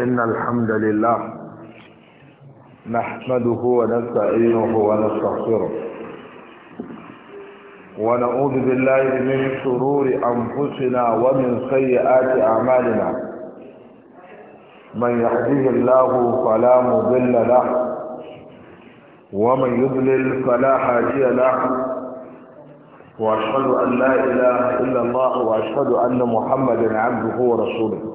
إن الحمد لله نحمده ونستعينه ونستغفره ونعوذ بالله من شرور أنفسنا ومن سيئات أعمالنا من يهديه الله فلا مضل له ومن يضلل فلا هادي له واشهد ان لا اله الا الله واشهد ان محمدا عبده ورسوله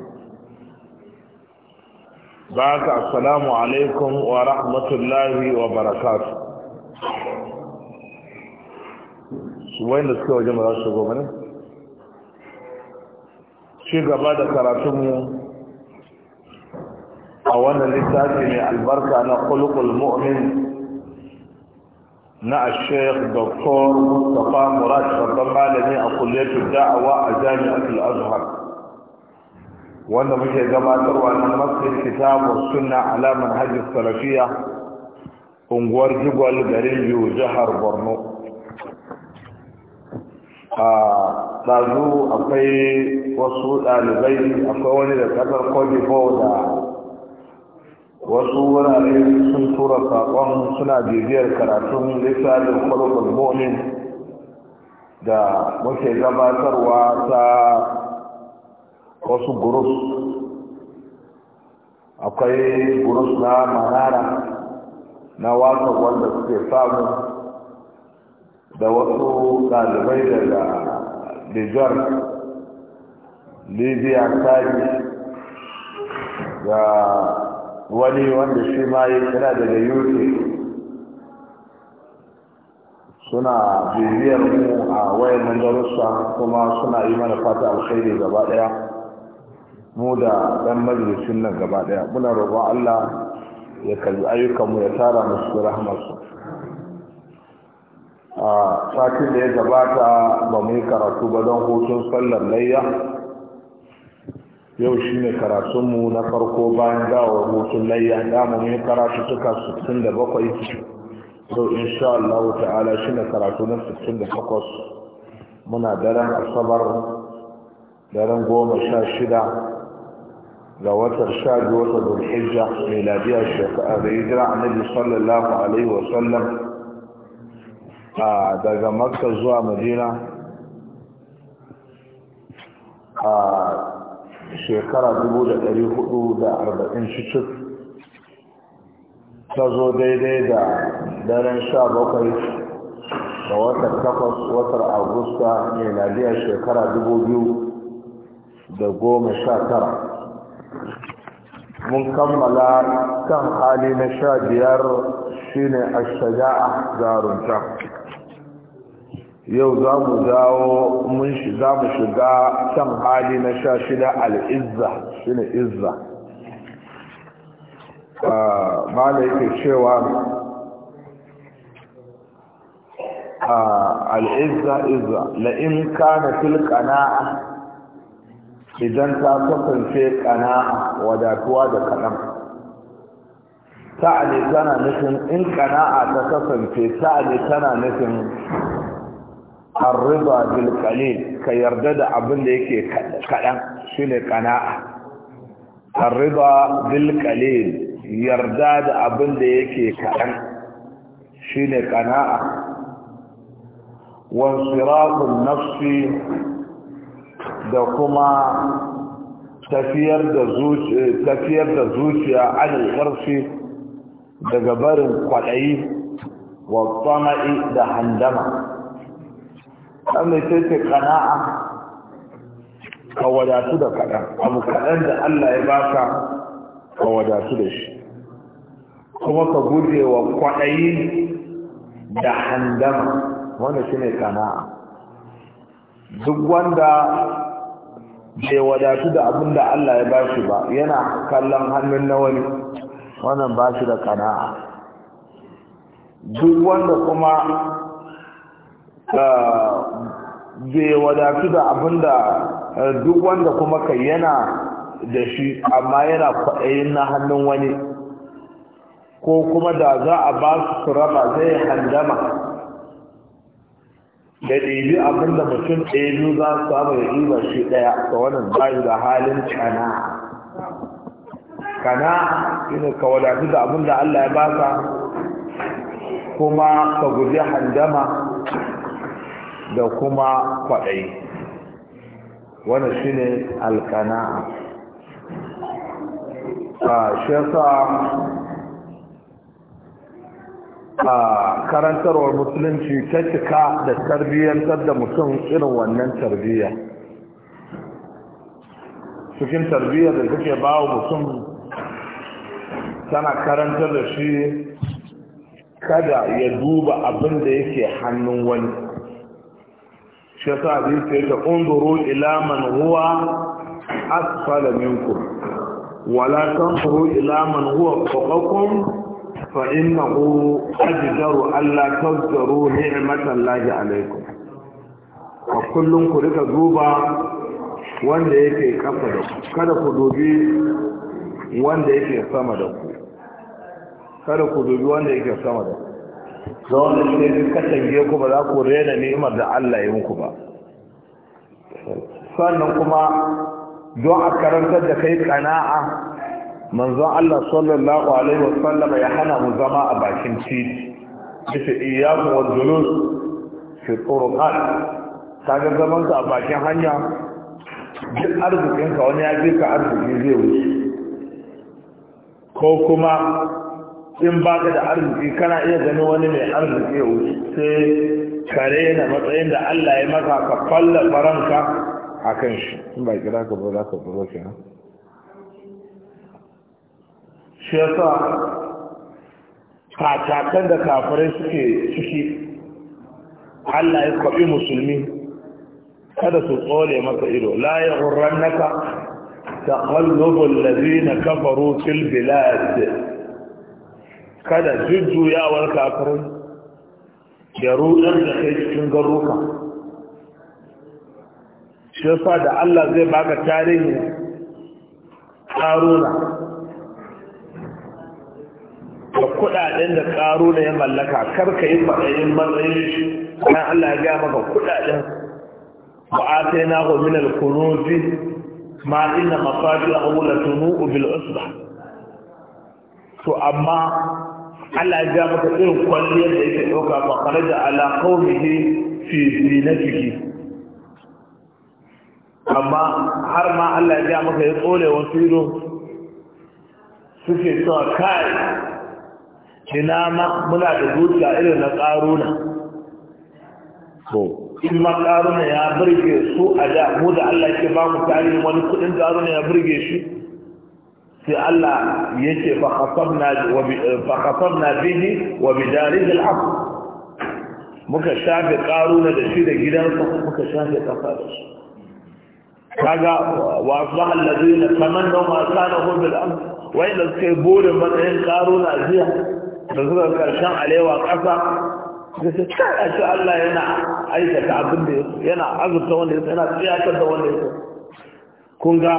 ba ka assalamu alaikum wa rahmatullahi wa barakatu su da suka waje mara za su Shi gaba da karatunmu a wannan littafi ne albarka na kulkul mu'min na ashek doktor mustapha murad babban malami a kulliyar da'awa a jami'ar al-azhar wanda muke gabatarwa na masjid kitabu sunna ala manhaj salafiya unguwar jigwal garin biyu jihar borno a ɗazu akwai wasu ɗalibai akwai wani da ƙasar kodifo da wasu wurare sun tura saƙon suna bibiyar karatun lissafin da muke gabatarwa ta wasu gurus akwai gurus na manara na wasan wanda suke samu da wasu ɗalibai daga nijar libya tari ga wani wanda shi ma yi kira daga uk suna bibiyar mu a wayan mandarusa kuma suna yi mana fata alkhairi gaba daya mu da ɗan majalisun nan gaba ɗaya muna rogo Allah ya kalli ayyukanmu ya tara musu rahmarsu a satin da ya gabata ba mu yi karatu ba don hutun sallar layya yau shi ne karatunmu na farko bayan dawo hutun layya damu mu yi karatu suka 67 in insha Allah ta'ala shi ne karatu na 68 muna daren asabar daren goma sha shida da watar sha biyu wata zulhijja miladiyar shekara da hijira annabi sallallahu alaihi wa a daga makka zuwa madina a shekara 440 cikin ta zo daidai da daren sha bakwai da watar takwas watar agusta miladiyar shekara da goma sha tara. mun kammala kan hali na sha biyar shine ashaja'a zarunta yau za mu dawo mun za mu shiga kan hali na sha shida al'izza ne izza ah, ma da yake cewa ah, al'izza izza la'in kana fil qana'a idan ta kasance kanaa wadatuwa da kaɗan sa'ani tana nufin in kanaa ta kasance sa'ani tana nufin arriba bil qalil ka yarda da abin da yake kaɗan shine kana'a arriba bil qalil yarda da abin da yake kaɗan shine ƙana'a wansirafun nafsi da kuma tafiyar da zuciya tafiyar ƙarfi daga barin kwaɗayi, wa tsama'i da handama amma sai ce kana'a ka wadatu da kaɗan abu kaɗan da Allah ya baka ka wadatu da shi kuma ka guje wa kwaɗayi da handama wanda shine kana'a duk wanda bai wadatu da abin da Allah ya bashi ba yana kallon hannun na wani wannan ba shi da kana'a duk wanda kuma ah, bai wadatu da abin da eh, duk wanda kuma kai yana da shi amma yana kwaɗayin na hannun wani ko kuma da za a ba su raba zai handama da ɗebi abin da mutum ɗaya biyu za su samu ya ɗiba shi ɗaya ga wannan bayu da halin kana kana shine ka wadatu da abin da Allah ya baka kuma ka guji handama da kuma kwaɗayi wannan shine alkana a ah, shi yasa a karantarwar musulunci ta cika da tarbiyyantar da mutum irin wannan tarbiyya cikin tarbiyyar da take ba wa mutum tana karantar da shi kada ya duba abin da yake hannun wani shi yasa hadisi yake unzuru ila huwa asfala minkum wala tanzuru huwa fawqakum فإنه أجدر ألا تذكروا نعمة الله kullun ku rika zuba wanda yake kafa da ku kada ku dubi wanda yake sama da ku kada ku dubi wanda yake sama da ku da wanda sai ka tangiye ku ba za ku rena ni'imar da Allah ya muku ba sannan kuma don a karantar da kai kana'a manzon Allah sallallahu alaihi wasallam ya hana mu zama a bakin titi bisa iyyaku wal julus fi turuqat kaga zaman ka a bakin hanya duk arzikin ka wani ya je ka arziki zai wuce ko kuma in ba ka da arziki kana iya ganin wani mai arziki ya wuce sai kare na matsayin da Allah ya maka ka falla faranka akan shi in ba kira ka ba za ka buro kenan shi yasa katakan da kafirai suke ciki Allah ya kwaɓi musulmi kada su tsole masa ido la ya hurrannaka taqallubul na kafaru fil bilad kada jujjuyawar kafirai ya rudar da kai cikin garuka shi yasa da Allah zai baka tarihi haruna da kudaden da karo da ya mallaka kar ka yi matsayin matsayin shi kan Allah ya ga maka kudaden wa atayna hu min al-kunuz ma inna mafatihahu la tunu bil usba to amma Allah ya ga maka irin kwalliyar da yake dauka fa kharaja ala qaumihi fi zinatihi amma har ma Allah ya ga maka ya tsole wasu ido suke cewa kai kina ma muna da zuciya irin na ƙaruna to in ma ƙaruna ya birge su a da mu da Allah ke ba mu tarihi wani kuɗin ƙaruna ya birge shi sai Allah ya ce fa na bihi wa bi darij al-aql muka shafe ƙaruna da shi da gidansa muka shafe ƙasa da shi kaga wa asbaha alladhina tamannaw ma kana hum bil amr wa ila sai burin matsayin ƙaruna jiya da zuwa karshen alewa ƙasa da su kada shi Allah yana aikata abin da yana azurta wanda ya yana tsayatar da wanda ya kun ga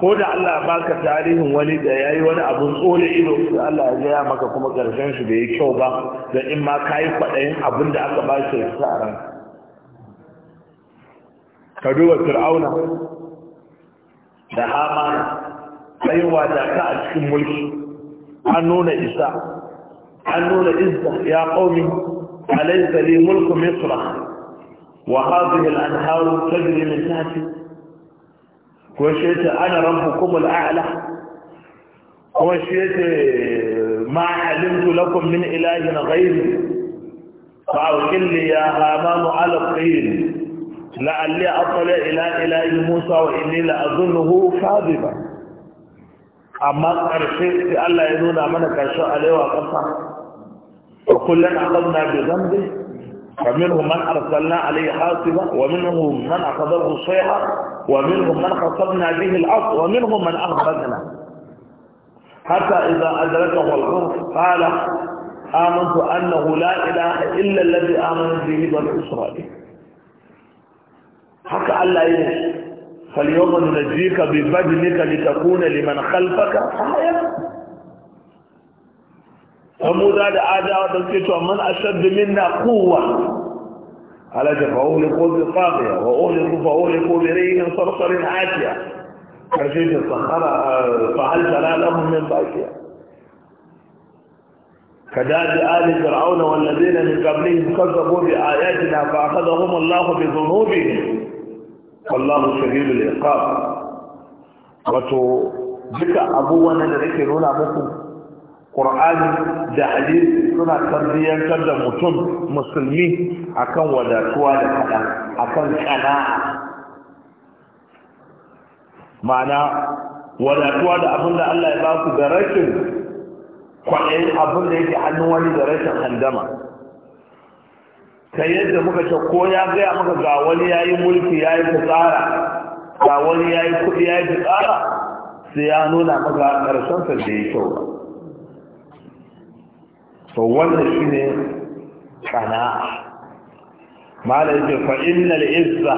ko da Allah ba baka tarihin wani da ya yi wani abun tsole ido da Allah ya gaya maka kuma karshen shi bai yi kyau ba da in ma ka yi kwaɗayin abin da aka ba shi ya sa ran ka duba fir'auna da hama tsayuwa da ka a cikin mulki an nuna isa حلول إزة يا قومي أليس لي ملك مصر وهذه الأنهار تجري من تحتي وشيت أنا ربكم الأعلى وشيت ما علمت لكم من إله غيري فأوكل لي يا هامان على الطين لعلي أطلع إلى إله موسى وإني لأظنه كاذبا أما أرشيت ألا يدون أمنك أشاء عليه وقصه وكلنا أخذنا بذنبه فمنهم من أرسلنا عليه حاسبا ومنهم من أخذته صيحة ومنهم من خصبنا به الأرض ومنهم من أخذنا حتى إذا أدركه الخوف قال آمنت أنه لا إله إلا الذي آمن به بني إسرائيل حكى ألا يشهد فاليوم ننجيك ببدنك لتكون لمن خلفك آية samuda da adawa da suke cewa man ashaddu minna quwwa ala jafawu li qawli taqiya wa uhliku fa uhliku bi rihin sarsarin atiya karshe da sahara fa hal talalahum min baqiya كداب آل فرعون والذين من قبلهم كذبوا بآياتنا فأخذهم الله بذنوبهم والله شديد العقاب وتو duka abubuwan da nake nuna muku ƙur'ani da hadisi suna tarbiyyantar da mutum musulmi akan wadatuwa da kaɗan akan ƙana'a. ma'ana wadatuwa da abin da Allah ya ba ku da rashin kwaɗayin abin da yake hannun wani da rashin handama ta yadda muka ce ko ya gaya muka ga wani ya yi mulki ya yi fitsara ga wani ya yi kuɗi ya yi fitsara sai ya nuna maka ƙarshen sa da ya kyau ba to wannan shine qana'a mala yace fa innal izza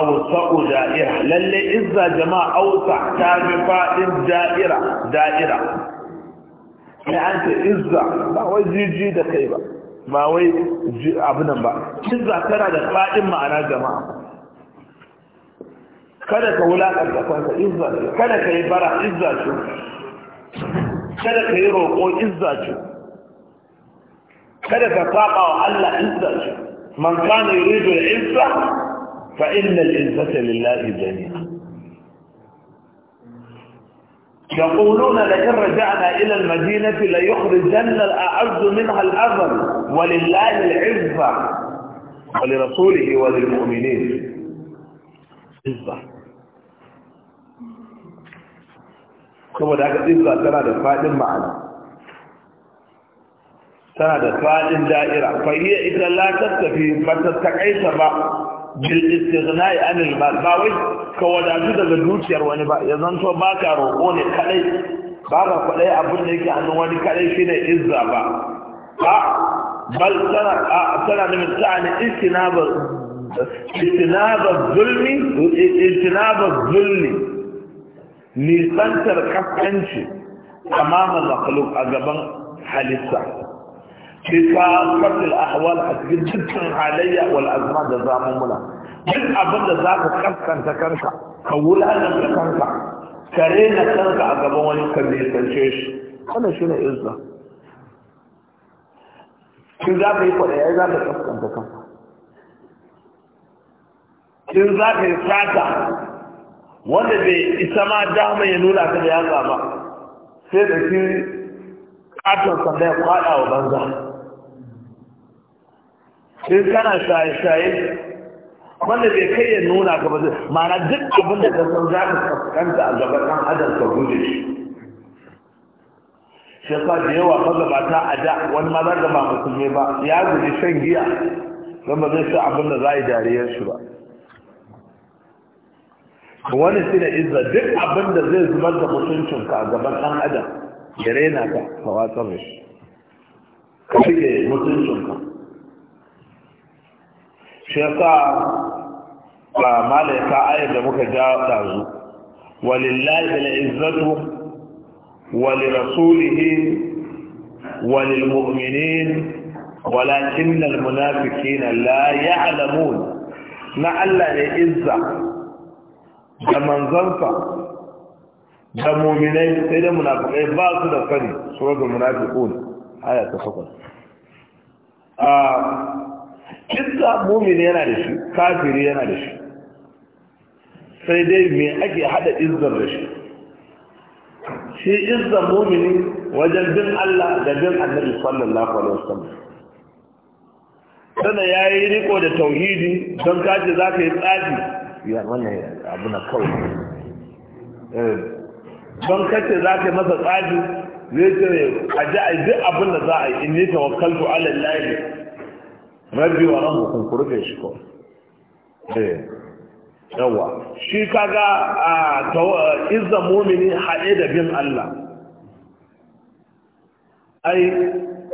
aw sa'u da'ira lalle izza jama'a aw ta bi fa'in da'ira da'ira sai an ce izza ba wai jiji da kai ba ba wai abu nan ba izza tana da fa'in ma'ana jama'a kada ka wulaƙar da kanka izza kada ka yi bara izza ce kada ka yi roƙo izza ce kada ka saƙa wa Allah izza ce man kana yuridu al-izza fa inna al-izzata lillahi jami'a يقولون لئن رجعنا إلى المدينة ليخرجن الأعز منها الأذل ولله العزة ولرسوله وللمؤمنين عزة saboda haka izza tana da fadin ma'ana tana da fadin da'ira fa hiya ita la tastafi ba ta takaita ba bil istighna'i anil mal ba wai ka daga dukiyar wani ba ya zanto ba ka roƙo ne kadai ba ka kadai abin da yake hannun wani kadai shine izza ba ba bal tana tana da mutane istinaba istinaba zulmi istinaba zulmi nisantar kaskanci amama makhluk a gaban halitta bisa fasil ahwal a cikin dukkan halayya wal azma da zamumuna duk abin da za ka kaskanta kanka ka wulakanta kanka ka rena kanka a gaban wani ka nisance shi shi ne izza kin za ka yi kwaɗaya za ka kaskanta kanka kin za ka yi sata wanda bai isa ma dama ya nuna ta da yatsa ba sai da shi katon sanda ya kwada wa banza sai kana shaye-shaye wanda bai kai ya nuna ka ba zai mana duk abin da ta san za ka fuskanta a gaba kan adam ka gude shi shi yasa da yawa ta a da wani ma da ba musulmi ba ya gudu shan giya don ba zai sa abin da za a yi dariyar shi ba wani shi izza duk abin da zai zubar da mutuncinka a gaban ɗan adam ya rena ka ka watsar da shi ka rike mutuncinka shi ya sa ba malaika ayar da muka ja ɗazu walillahi la izzatu wali rasulihi wali mu'minin walakin al munafiqina la ya'lamun na Allah ne izza da manzansa da muminai sai da munafikai ba su da sani suratul munafikun aya ta 8 a kisa mominai yana da shi kafiri yana da shi sai dai me ake hada izzar da shi shi izzar mumini wajen bin Allah da bin annabi sallallahu alaihi wasallam sannan ya yi riko da tauhidi don kaji za ka yi tsaji ya wannan ya abu na kawai eh, don kace za ka yi masa tsaji zai ce a ji a duk abin da za a yi in ni tawakkaltu ala lahi rabbi wa ran hukun kurfe shi ko eh yawa shi kaga izza mumini haɗe da bin Allah ai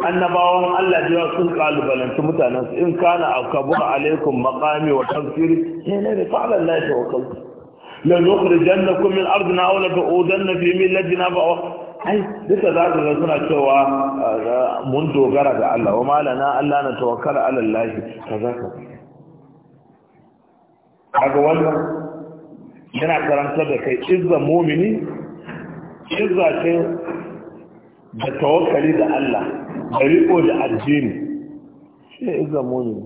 annabawan Allah jiya sun kalubalanci su, in kana akabu alaikum maqami wa tafsiri ne ne fa'alallahi wa tawakkaltu لنخرجنكم من أرضنا أو لتعودن في ملتنا فأوه ai duka za ka suna cewa mun dogara ga Allah wa malana Allah na tawakkala ala Allah kaza kaga wannan yana karanta da kai izza mu'mini izza ce da tawakkali da Allah da riko da addini shi izza mu'mini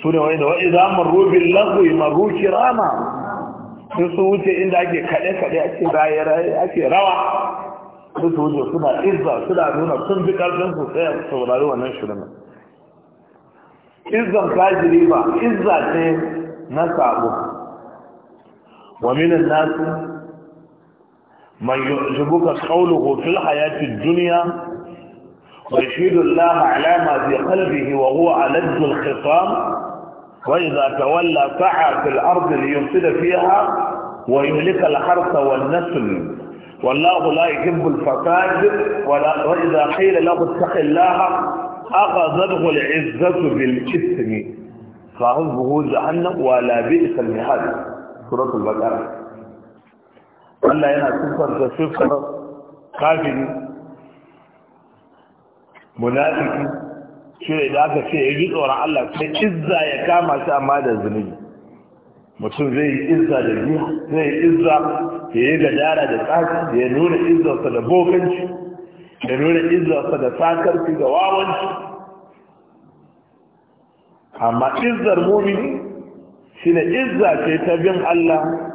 Sune wani da wa'iza marru bil lagwi marru kirama sun su wuce inda ake kaɗe-kaɗe ake raye-raye ake rawa su su wuce suna izza suna nuna sun fi ƙarfin su tsaya su saurari wannan shirin izzan fajiri ba izza ce na sabo wa minan nasu man yu'jibuka qawluhu fil hayati dunya wa yashhadu Allah ala ma fi qalbihi wa huwa aladdu al-khisam وإذا تولى سعى في الأرض ليفسد فيها ويهلك الحرث والنسل والله لا يحب الفساد واذا قيل له اتق الله اخذته العزه بالاثم فعذبه جهنم ولا بئس المهاد سوره البقره الله ينهى كفر كفر كافر منافق شيء اذا اخذ شيء يجيء الله عز وجل اذا يكامل سامه ذنبه mutum zai yi izza da biya zai yi izza ya yi dara da tsaki ya nuna izzarsa da bokanci ya nuna izzarsa da tsakarci da wawanci amma izzar mumini shi ne izza ce ta bin Allah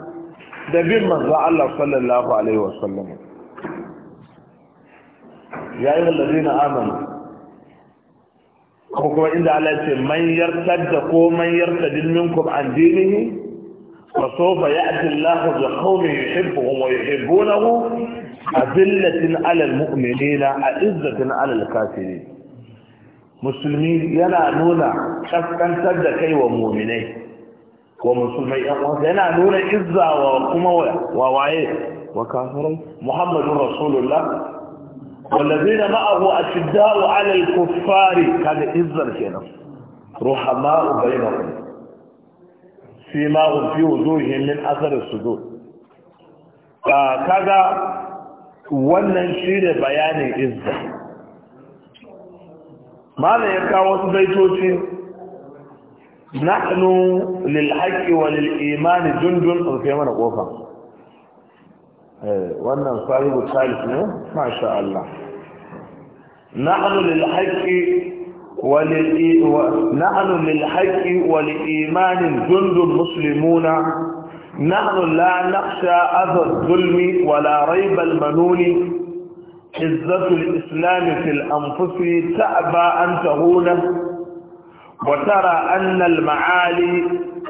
da bin manzo Allah sallallahu alaihi wasallam ya yi lalazina amanu ko kuma inda Allah ce man yartadda ko man yartadin minkum an dinihi فسوف يأتي الله بقوم يحبهم ويحبونه أذلة على المؤمنين أعزة على الكافرين مسلمين ينالون شفقا تبدا كي ومؤمنين ومسلمين ينالون إزة وقوم ووعي وكافرين محمد رسول الله والذين معه أشداء على الكفار كان إزة كنا رحماء بينهم fi ma hum fi wujuhihim min athar as-sujud kaga wannan shine bayanin izza mala ya kawo wasu baitoci nahnu lil haqqi wa lil imani jundun rufe mana kofa wannan sahibu talib ne masha Allah nahnu lil haqqi نحن للحق ولإيمان جند مسلمون نحن لا نخشى أذى الظلم ولا ريب المنون عزة الإسلام في الأنفس تأبى أن تهون وترى أن المعالي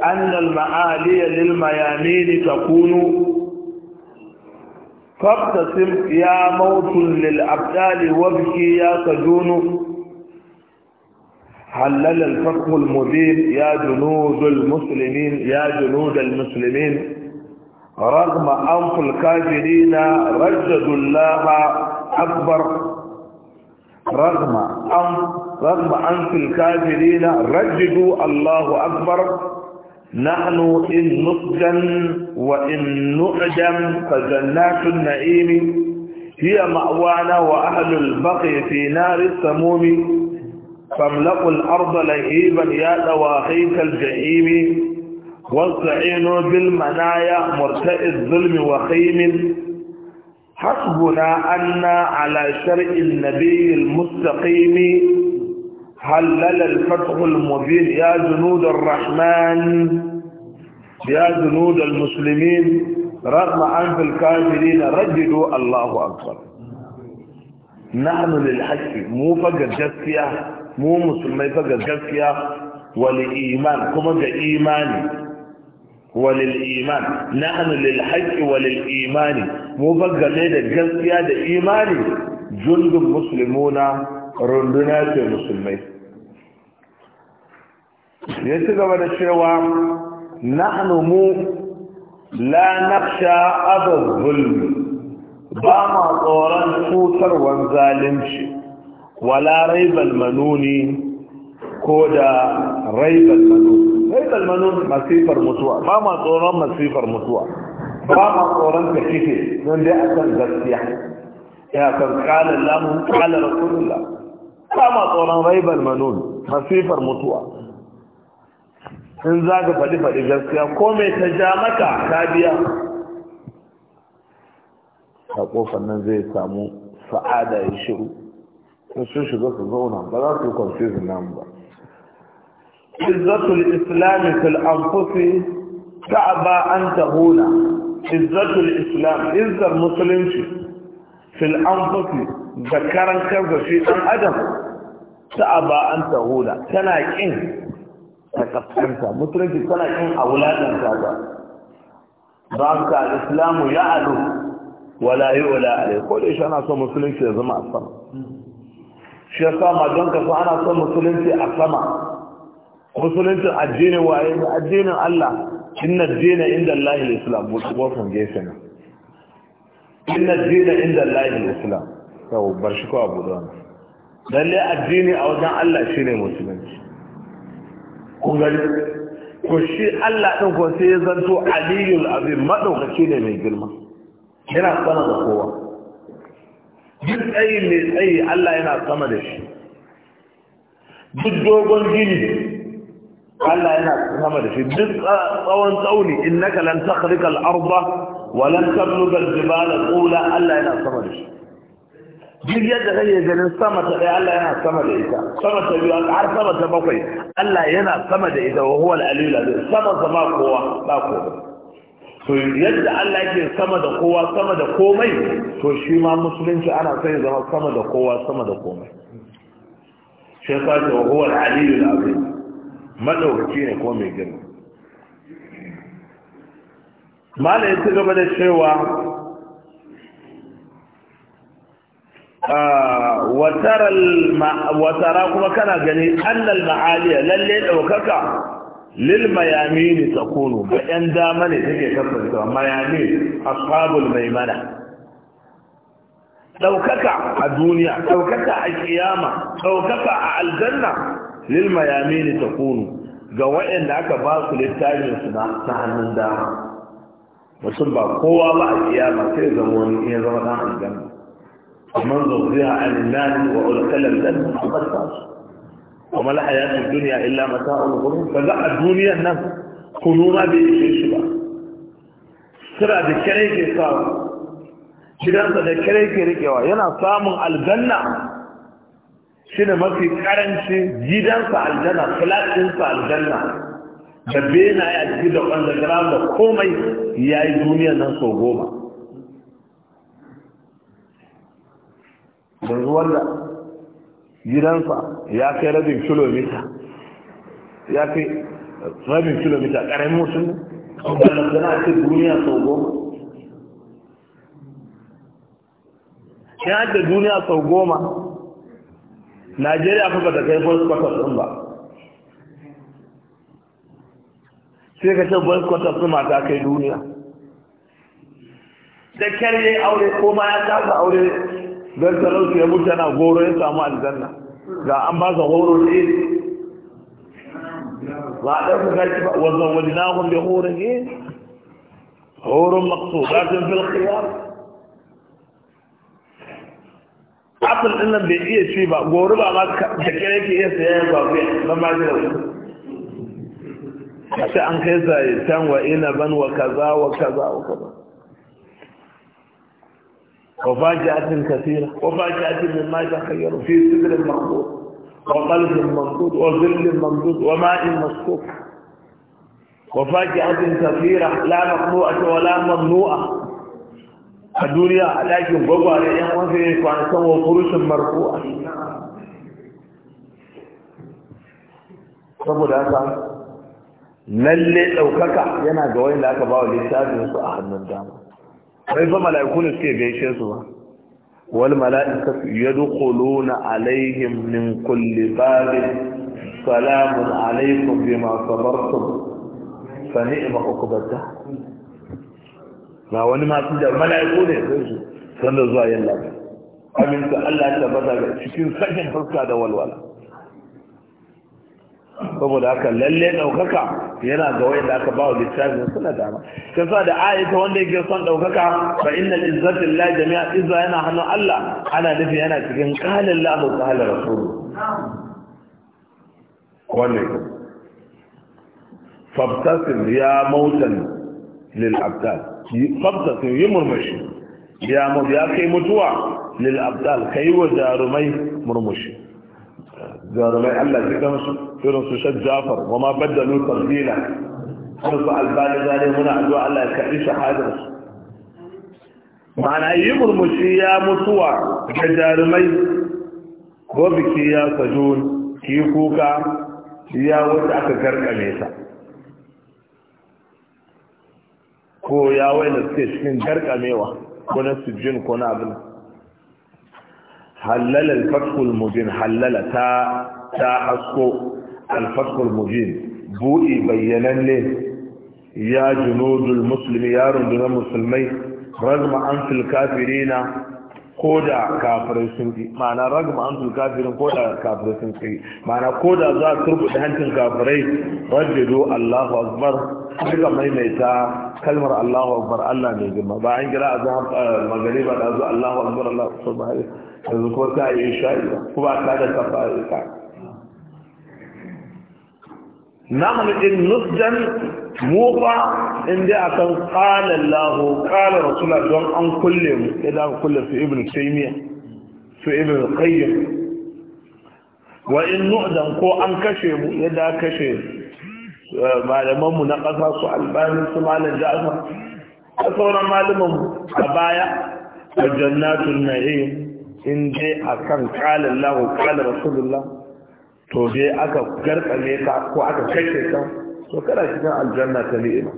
أن المعالي للميامين تكون فابتسم يا موت للأبدال وابكي يا سجون حلل الفقه المبين يا جنود المسلمين يا جنود المسلمين رغم أنف الكافرين رجدوا الله أكبر رغم أنف رغم أنف الكافرين رجدوا الله أكبر نحن إن نصجا وإن نعدم فجنات النعيم هي مأوانا وأهل البقي في نار السموم فاملأوا الأرض لهيبا يا دواخيك الجحيم واستعينوا بالمنايا مرتئ الظلم وخيم حسبنا أنا على شرع النبي المستقيم حلل الفتح المبين يا جنود الرحمن يا جنود المسلمين رغم أنف الكافرين رددوا الله أكبر نحن للحق مو فقط جسيا mu musulmai fa ga gaskiya wal iman kuma ga imani walil iman nahnu lil walil imani mu fa game da gaskiya da imani jundun muslimuna runduna ce musulmai ya ci gaba da cewa nahnu mu la naqsha adab zulmi ba ma tsoron cutarwar zalunci ولا ريب المنون كودا ريب المنون ريب المنون مصيف المتوى ما ما تورم مصيف المتوى ما ما تورم كيف من دي أكثر جسيا يا كم قال الله قال رسول الله ما ما تورم ريب المنون مصيف المتوى إن زاد فدي فدي جسيا كم تجامك كابيا أقول فنزل سامو سعادة يشرو in sun shiga su zauna ba za su yi confusing nan ba izzatul islami fil anfusi ta'aba an tahuna izzatul islam izzar musulunci fil anfusi da karan kansa shi dan adam ta'aba an tahuna tana kin ta kaskanta musulunci tana kin a wulatanta ba ba ka islamu ya'alu wala yu'la alai ko da shi ana so musulunci ya zama a sama shi ma don ka so ana son musulunci a sama musulunci addinin waye addinin Allah inna dina inda Allah al-Islam wa gefe gaisana. inna dina inda Allah al-Islam to bar shi ko abu da lalle addini a wajen Allah shine musulunci kun ga ko shi Allah ɗin ko sai ya zanto aliyul azim madaukaki ne mai girma yana sanar da kowa duk tsayi mai tsayi Allah yana sama da shi duk dogon gini Allah yana sama da shi duk tsawon tsauni innaka lan takhriqa al-arda wa lan tabluga al-jibala qula Allah yana sama da shi duk yadda kake ganin sama ta ɗaya Allah yana sama da ita sama ta biyu har sama ta bakwai Allah yana sama da ita wa huwa al-aliyyu sama sama kowa ba kowa to yadda Allah yake sama da kowa sama da komai to shi ma musulunci ana sai zama sama da kowa sama da komai shi yasa ta huwa al-aliyyu al-azim madaukaki ne ko mai girma mala ya ci gaba da cewa ah, tara kuma kana gani annal ma'aliya lalle daukaka للميامين تكونوا بأن دامني تكي كفر ميامين أصحاب الميمنة لو كتع الدنيا لو كتع القيامة لو كتع الجنة للميامين تكونوا جوائن لك باص للتاجر سنة سهل من دام وسبب قوة الله القيامة كذا من يزرعها الجنة منذ فيها عن الناس وأولئك الذين أبطلوا kuma lahayatun duniya illa mata'ul ghurur ba za a duniyar nan kunu ma bai ishe shi ba sira da kare ke samu gidansa da kare ke rikewa yana samun aljanna shi mafi karanci gidansa aljanna flat ɗinsa aljanna da bena ya ji da underground da komai ya yi duniyar nan sau goma. gidansa ya kai rabin kilomita ya kai rabin kilomita ƙaramin mutum na ce duniya sau goma ya ce duniya sau goma najeriya kuma da kai first sun ɗin ba sai ka ce first sun ɗin mata kai duniya da kyar yi aure ko ma ya kasa aure don talauci ya mutu yana goro ya samu aljanna ga an ba sa horo ne ba a ɗauka gaji ba wanzan wani na hun da horo ne horon makso gajin filkiyar apple ɗin nan bai iya ce ba goro ba ma da kere ke iya saya ya ba na maji da wani a sai an kai zai can wa ina ban wa kaza wa kaza wa kaza وفاجأة كثيرة وفاجأة مما تخيروا في سدر مخبوط وقلب ممدود وظل ممدود وماء مسكوك وفاجأة كثيرة لا مقنوعة ولا ممنوعة الدنيا لكن بابا لأيام وفي فانسان وفرش مرفوعة saboda haka lalle لو yana ينا جوين da aka ba أحد من دامه bai ba mala'iku ne suke gaishe su ba wal mala'ikatu yadkhuluna alaihim min kulli babin salamun alaykum bima sabartum fa ni'ma uqbata na wani ma sun da mala'iku ne sai su sanda zuwa yalla aminta Allah ta bada cikin sakin fuska da walwala saboda haka lalle ɗaukaka yana ga da aka ba wa littafin suna dama kan sa da ayata wanda yake son ɗaukaka fa inna izzati lillahi jami'a izza yana hannun Allah ana nufi yana cikin qalin lahu qala rasulu wannan fabtasim ya mautan lil abdal fabtasim yi murmushi ya mu ya kai mutuwa lil abdal kai wa jarumai murmushi جارمي الله كما في رسول شد جعفر وما بدلوا تبديلا حرص البال إذا هنا عدو على كأيش حاضر معنى أي مرمشي يا مطوع جارمي وبك يا سجون كيفوكا يا وجعك كرك ميسا كو يا وين السكين كرك ميوة كنا السجين كنا أبنى حلل الفتح المجين حلل تا تا حسكو الفتح المجين بوئي بينا له يا جنود المسلم يا رجل المسلمين رغم أنف الكافرين Koda kafirin kafirai sun ƙi ma'ana ragu an su kafirin koda kafirin kafirai sun ƙi ma'ana koda za a turbuɗe hancin kafirai rajidu allahu akbar suka maimaita kalmar allahu akbar allah mai girma ba an kira a zan eh, magani ba da zuwa allahu akbar allah subhanahu yanzu ko ta yi sha'i ba kuma ta da kafa نحن إن نسجن موقع إن جاء قال الله قال رسول الله دون أن كل إذا كل في ابن تيمية في ابن القيم وإن نؤذن كو أن كشف إذا كشف malamanmu na ƙasa su albani su malam ja'afar a sauran a baya a jannatun na'im in dai a kan kalan to dai aka garkame ka ko aka kashe ka to kana cikin aljanna ta ni'ima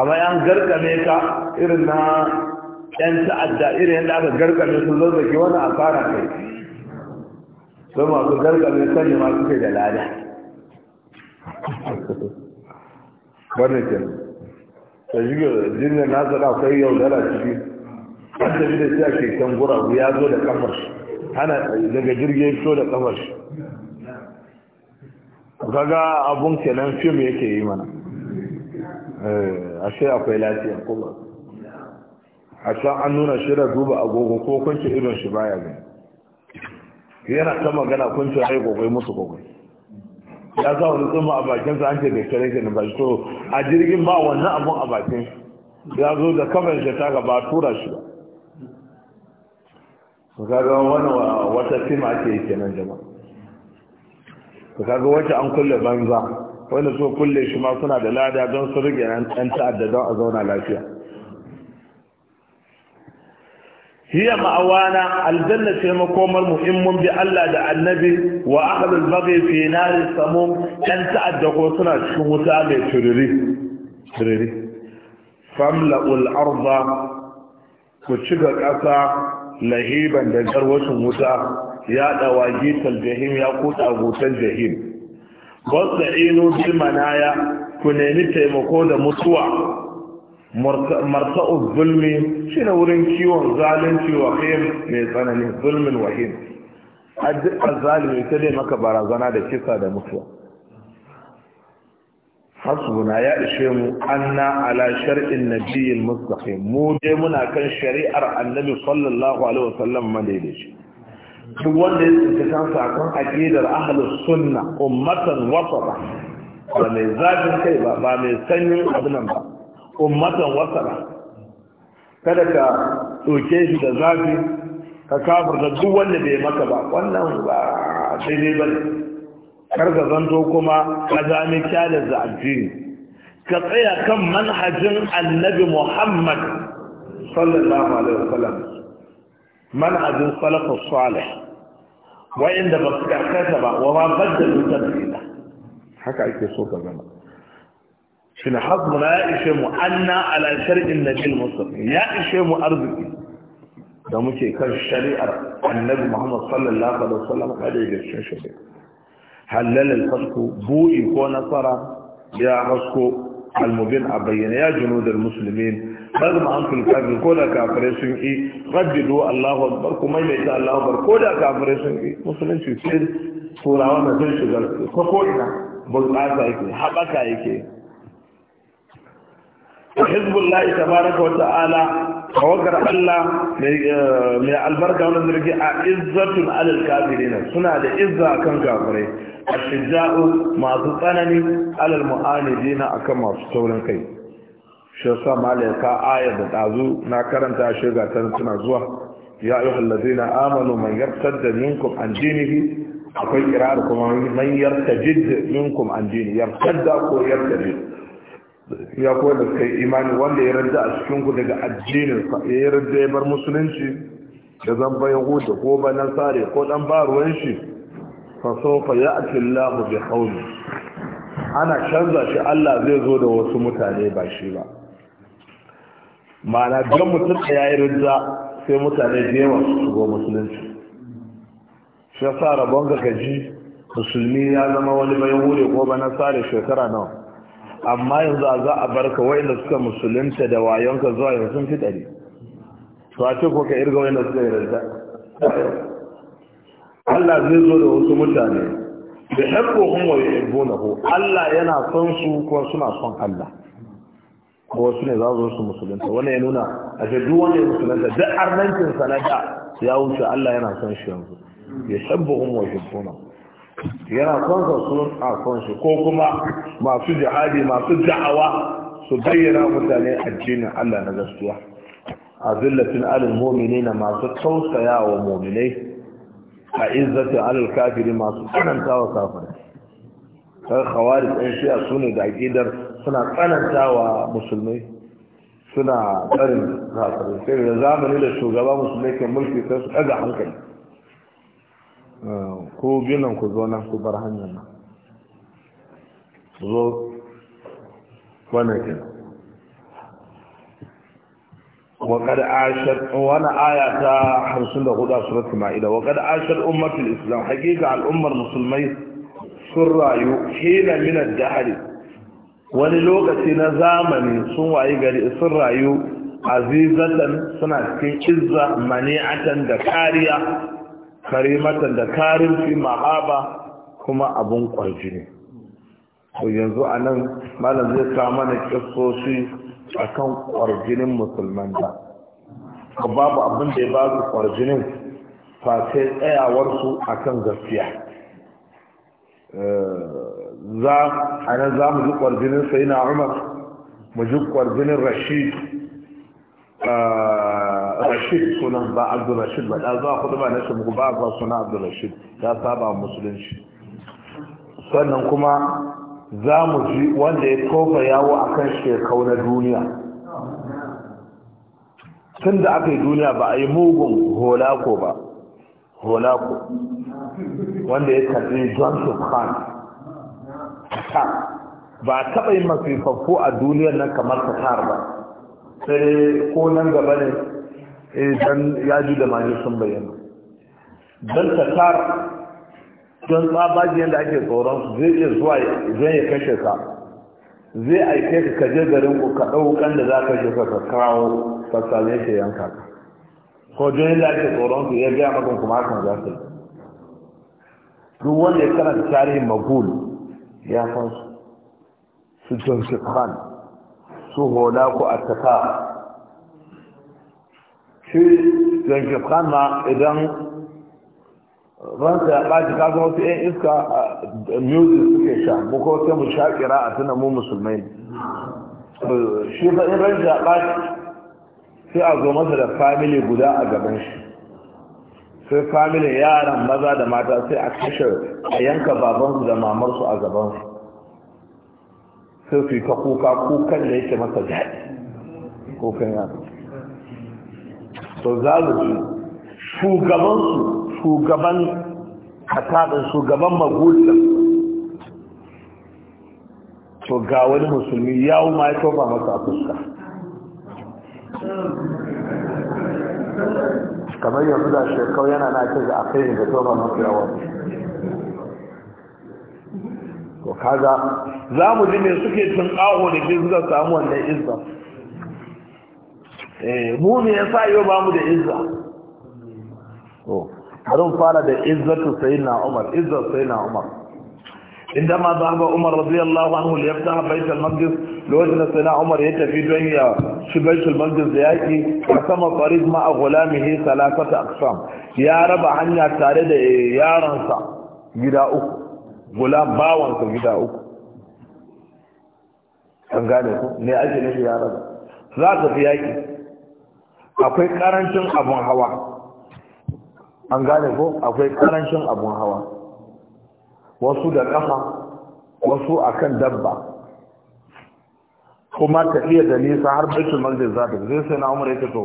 amma an garkame ka irin na yan ta'adda irin yadda aka garkame su zo da ke wani asara kai sai masu garkame kan ne ma suke da lada wannan ke ta shiga jinnan nasa da akwai yaudara ciki an tafi da shi a keken guragu ya zo da kafar ana daga jirgin so da kafar shi kaga abun kenan fim yake yi mana eh, ashe akwai lafiya kuma. a can an nuna shi da duba agogo ko kunce idon shi baya ne. yana ta magana kunce rai gogoi musu gogoi ya sa wani tsumma a sa an ce da kare ke ba to a jirgin ba wannan abun a bakin ya zo da kamar shi ta gaba tura shi ba kaga wannan wata tima yi kenan jama'a to kaga wacce an kulle banza wanda so kulle shi ma suna da lada don su rige an ta'adda don a zauna lafiya hiya ma'awana aljanna ce makomar mu in mun bi Allah da annabi wa ahlul baghi fi nari samum an ta'adda ko suna cikin wuta mai tururi tururi famla'ul arda ku ci ga ƙasa lahiban da garwashin wuta ya dawagi jahim ya kuta abutan jahim wasta'inu bil manaya ku nemi taimako da mutuwa marta'u zulmi shine wurin kiwon zalunci wahim mai tsanani. zulmin wahim addu'a zalimi ta dai maka barazana da kisa da mutuwa hasbuna ya ishe mu anna ala shar'in nabiyil mustaqim mu dai muna kan shari'ar annabi sallallahu alaihi wasallam madaidaici duk wanda ya tsinci kansa a kan aƙidar ahalus sunna ummatan wasata ba mai zafin kai ba ba mai sanyin abinan ba ummatan wasata kada ka ɗauke shi da zafi ka kafar da duk wanda bai maka ba wannan ba daidai ba kar ka zanto kuma ka zami kyalar da addini ka tsaya kan manhajin annabi muhammad sallallahu alaihi wasallam manhajin salafus salih wa'inda ba su karkata ba wa ma baddalu tabdila haka ake so ka zama shin hasbuna ya ishe mu anna ala shar'in nabil mustafa ya ishe mu arziki da muke kan shari'ar annabi muhammad sallallahu alaihi wasallam kada ya gashin shari'a halal al fasku bu'i ko nasara ya hasko al-mubin a bayyana ya junud al-muslimin lazim an kun kafin ko da kafirai sun yi do Allahu akbar kuma mai ta Allahu akbar ko da kafirai sun yi musulunci sai turawa na zai shiga ko ko ina bunƙasa yake haɓaka yake hizbullah tabaraka wa ta'ala tawagar Allah mai eh, albarka wannan zargi a izzatun alal kafirin suna da izza kan kafirai ashja'u masu tsanani alal mu'anidina akan masu taurin kai shi yasa malaika ayar da dazu na karanta shi ga tan suna zuwa ya ayyuhal ladina amanu man yartadda minkum an dinihi akwai kirar kuma man yartajid minkum an dinihi yartadda ko yartajid ya kuwa da kai imani wanda ya rada a cikin ku daga addinin sa ya rada ya bar musulunci da zan bai huta ko ba sare ko dan ba ruwan shi fa sawfa ya'ti Allah bi ana canza shi Allah zai zo da wasu mutane ba shi ba ma'ana don mutum da ya yi rinda sai mutane da yawa su go musulunci shi ya sa rabon gaji musulmi ya zama wani mai hure ko ba na sare shekara nawa amma yanzu a za a barka da suka musulunta da wayonka zuwa yanzu sun fi ɗari to a ce ko ka irga da suka yi rinza Allah zai zo da wasu mutane da haƙƙohun wa ya ibbonahu Allah yana son su kuma suna son Allah ko wasu ne za su su musulunta wannan ya nuna a ce duk wanda ya musulunta duk arnancin da. ya wuce Allah yana son shi yanzu ya shabba umma shi kuma yana son sa sun a son shi ko kuma masu jihadi masu da'awa su bayyana mutane addinin Allah na gaskiya a zillatin alal mu'minina masu tausaya wa mu'minai a izzatin alal kafiri masu tsananta wa kafirai kar khawarij ɗin shi'a su ne da aƙidar suna wa musulmai suna tsarin kafirai sai da zamani da shugaba musulmai ke mulki sai su ɗaga hankali eh, ko binan ku zo nan ku bar hanyar nan zo wani wannan kenan وقد عاشت وانا آية 54 سورة المائدة وقد عاشت أمة الإسلام حقيقة musulmai sun rayu, سرى حين من الدهر wani lokaci na zamani sun wayi gari sun rayu azizatan suna cikin izza mani'atan da kariya karimatan da karin fi mahaba kuma abun kwarji ne to yanzu anan, malam zai kawo mana kissoshi akan kwarjinin musulman da babu abin da ya ba su kwarjinin fa sai tsayawarsu su akan gaskiya eh, za a nan za mu ji kwarjinin sai na umar mu ji kwarjinin rashid ah, rashid sunan ba abdul rashid ba da zuwa kudu ba na shi muku ba zuwa suna abdul rashid ya saba musulunci sannan kuma za mu ji wanda ya tofa yawo a kan shekau na duniya tun da aka yi duniya ba a yi mugun holako ba holako wanda ya karbi johnson khan kasa ba a taɓa yin mafifaffu a duniyar nan kamar kasar ba sai ko nan gaba ne idan eh, yaji da mani sun bayyana don kasar don tsabaji yadda ake tsoron su zai iya zuwa don ya kashe ka zai aike ka kaje garin ku ka ɗaukan da za ka shi ka kawo sassane ke yanka ka ko don yadda ake tsoron su ya gaya makon kuma hakan za su yi duk wanda ya karanta tarihin magul ya san su joseph khan su hola ku a taka shi joseph khan ma idan ranta ya ɓaci kaga wasu 'yan iska music suke sha mu wata mu sha kira a tuna mu musulmai shi ba in ranta ya ɓaji sai a zo masa da family guda a gaban shi sai familin yaran maza da mata sai a kashe a yanka babansu da mamarsu a gabansu sai su yi ta kuka kukan da yake masa daɗi kukan yana to ji shugabansu shugaban kataɗin shugaban magulin to ga wani musulmi yawo ma ya tofa masa a fuska kamar yanzu da shekau yana na ce da akai ne da tsoron mafi yawa to kaga za mu ji me suke tun aho da ke suka samu wannan izza eh, mu ne ya sa yau ba mu da izza to harin fara da izzatu na umar izzatu na umar عندما ذهب عمر رضي الله عنه ليفتح بيت المقدس لوجد سيدنا عمر يتفي دنيا في بيت المقدس ياكي قسم فريد مع غلامه ثلاثه اقسام يا رب عنيا تاري ده يارنسا غدا أكو غلام باوانسا جدا أكو kan gane ku ne ake nufi ya raba za ka fi yaki akwai karancin abun hawa an gane ko akwai karancin abun hawa wasu da ƙafa wasu akan dabba kuma iya da nisa har baitul malde za ta zai sai na umar yake to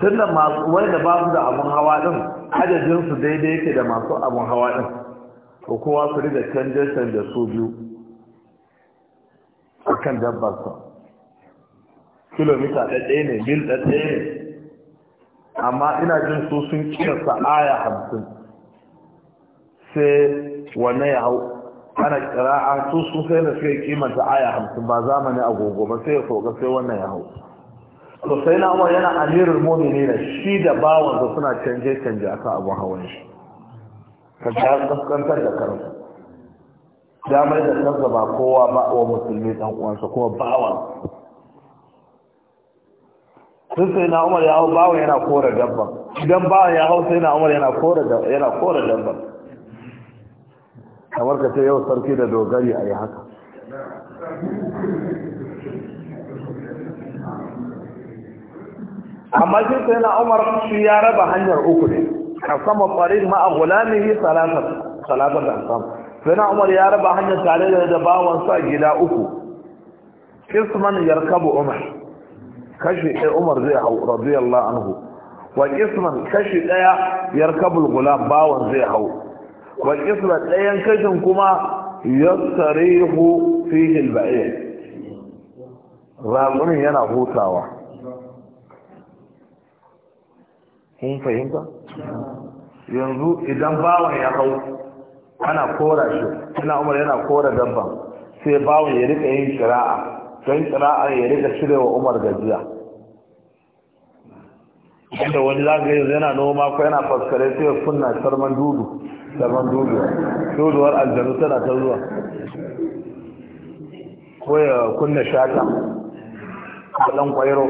tunda masu wanda ba su da abun hawa din adadin su daidai yake da masu abun hawa din to kowa su riga canje da su biyu akan dabbar sa kilomita ɗaɗɗaya ne mil ɗaɗɗaya ne amma ina jin su sun kiyasa aya hamsin sai wanne ya hau ana kira'a su sun sai da suka kimanta aya hamsin ba zamani agogo ba sai ya koga sai wannan ya hau to sai na umar yana amirul mu'minin shi da bawan da suna canje canje akan abin hawan shi ka ga kaskantar da karanta damar da kansa ba kowa ba wa musulmi dan uwansa kuma bawan sun sai na umar ya hau bawan yana kora dabban idan bawan ya hau sai na umar yana kora dabban kamar ka ce yau sarki da dogari a yi haka amma shi sai na umar shi ya raba hanyar uku ne a sama ƙwarin ma a gulamihi salatar da sam sai na umar ya raba hanyar tare da sa gida uku kisman yarkabu umar kashi ɗaya umar zai hau radiyallahu anhu wa isman kashi ɗaya yarkabul gulam bawan zai hau wal isma ɗayan kashin kuma yasarihu fihi al-ba'ir raƙumin yana hutawa kun fahimta yanzu idan bawan ya hau ana kora shi ina umar yana kora dabban sai bawan ya rika yin kira'a don kira'a ya rika wa umar gajiya inda wani zagaye yana noma ko yana faskare sai ya kunna sarman dudu zaman doduwa doduwar aljanu tana ta zuwa ko ya kunna shata ko dan kwairo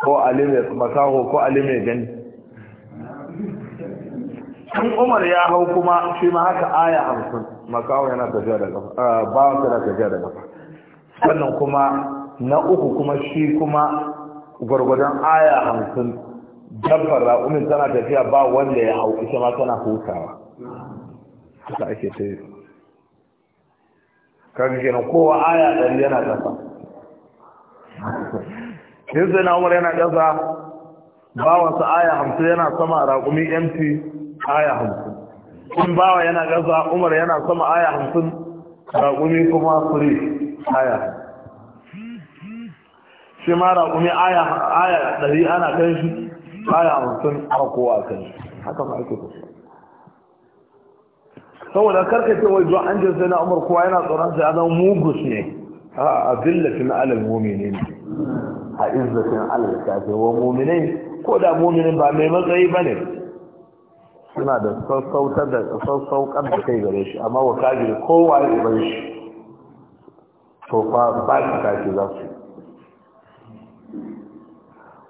ko alime makaho ko alime gani sun umar ya hau kuma shi ma haka aya hamsin makaho yana tafiya da ba bawan yana tafiya da kafa sannan kuma na uku kuma shi kuma gwargwadon aya hamsin dabbar ra'umin tana tafiya ba wanda ya hau ita ma tana hutawa haka ake ta yi kaga kenan kowa aya ɗari yana ƙasa yanzu na umar yana ƙasa bawansa aya hamsin yana sama raƙumi mt aya hamsin in bawa yana ƙasa umar yana sama aya hamsin raƙumi kuma suri aya shi ma raƙumi aya ɗari ana kan shi aya hamsin ana kowa kan shi haka ma ake kusa فولا كركت ويجو عنجزنا أمر كوائنا قران سيادة وموقسني ها أذلة ما على المؤمنين ها إذلة ما على الكاثر ومؤمنين كودا مؤمنين بعمل مغيباني سنة دا صوصو تدى صوصو كبه كي بريش أما وكاجر كوائي بريش صوفا باك كاكي ذاتي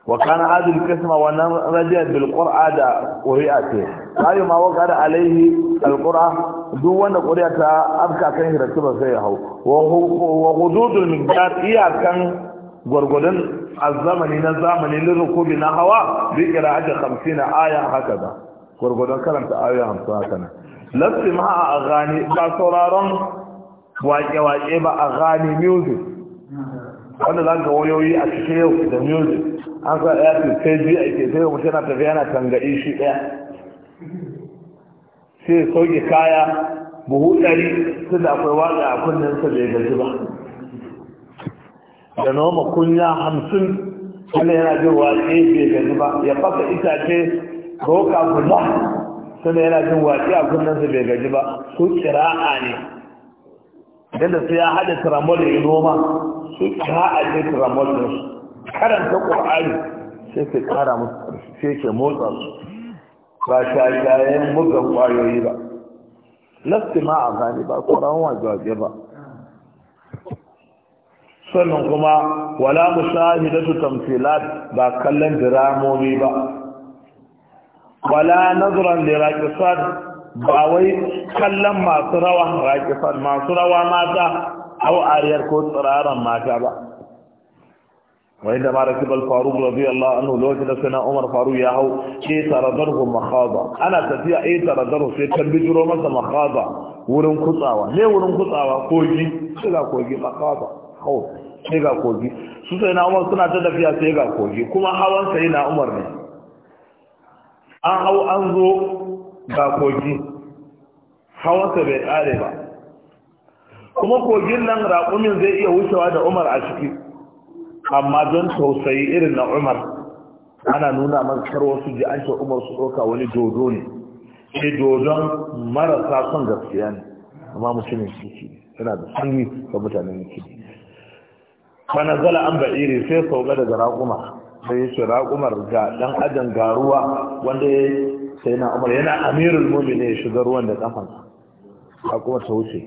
وكان هذه الكسمة ونرجعت بالقرآة وهي أتيه قالوا ما وقر عليه القرآة duk wanda ƙuri'a ta afka kan hirarci ba sai ya hau wa hududul miqdar iyakan gwargwadon azamani na zamani na rukubi na hawa bi qira'ati 50 aya haka da gwargwadon karanta aya 50 haka na lafi ma a agani ba sauraron waƙe-waƙe ba a gani music wanda za ka wayoyi a cikin yau da music an sa ɗaya ce sai ji ake sai mutum yana tafiya yana tangaɗi shi ɗaya sai sauke kaya buhu ɗari su da akwai waɗa a kunninsa bai gaji ba da noma kunya hamsin wanda yana jin wace bai gaji ba ya faka itace roka guda sanda yana jin waƙe a kunninsa bai gaji ba su kira'a ne yadda sai ya haɗa tiramol ya noma su kira'a ce tiramol ɗinsu karanta ƙwa'ari sai ke kara musu sai ke motsa su ba shayayen bugan kwayoyi ba lasti ma a gani ba ƙoran wajaje ba sannan kuma wala su tamfilat ba kallon diramomi ba wala nazarin da rakisar ba wai kallon masu rawa masu rawa mata au ariyar ko tsiraran mata ba wanda ma rakibal faruq radiyallahu anhu lokacin da sana umar faruq ya hau sai taradarhu makhaba ana tafiya ai taradarhu sai kan masa makhaba wurin kutsawa ne wurin kutsawa kogi sai ga kogi makhaba hau sai ga kogi su na umar suna ta tafiya sai ga kogi kuma hawan sai na umar ne an hau an zo ga kogi hawan sa bai kare ba kuma kogin nan raƙumin zai iya wucewa da umar a ciki amma don tausayi irin na umar ana nuna masu wasu ji an ce umar su ɗauka wani dodo ne sai dodon marasa son gaskiya ne amma mutumin ciki yana da sanyi ga mutanen ne kwana zala an iri sai sauka daga raƙuma sai ya ce raƙumar ga ɗan ajan garuwa wanda ya sai na umar yana amirul mumini ya shiga ruwan da kafansa raƙumar ta wuce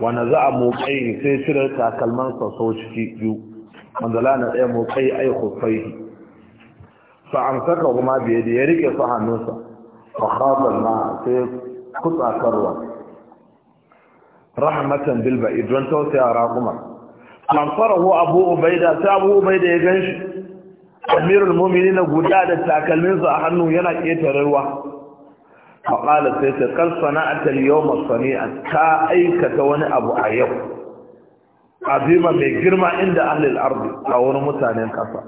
wani za a mokai sai shirar takalmansa sau ciki biyu wanda lana ɗaya motsai ai kufai fa saka kuma biye da ya rike su hannunsa fa khafal ma sai kutsa karwa rahmatan bil ba'id don tausaya raquma amsarahu abu ubaida sai abu ubaida ya ganshi amirul mu'minin guda da takalminsa a hannu yana ketare ruwa fa qala sai ta kal sana'ata al yawma sani'at ta aikata wani abu a yau azima mai girma inda ahlil ardi a wurin mutanen kasa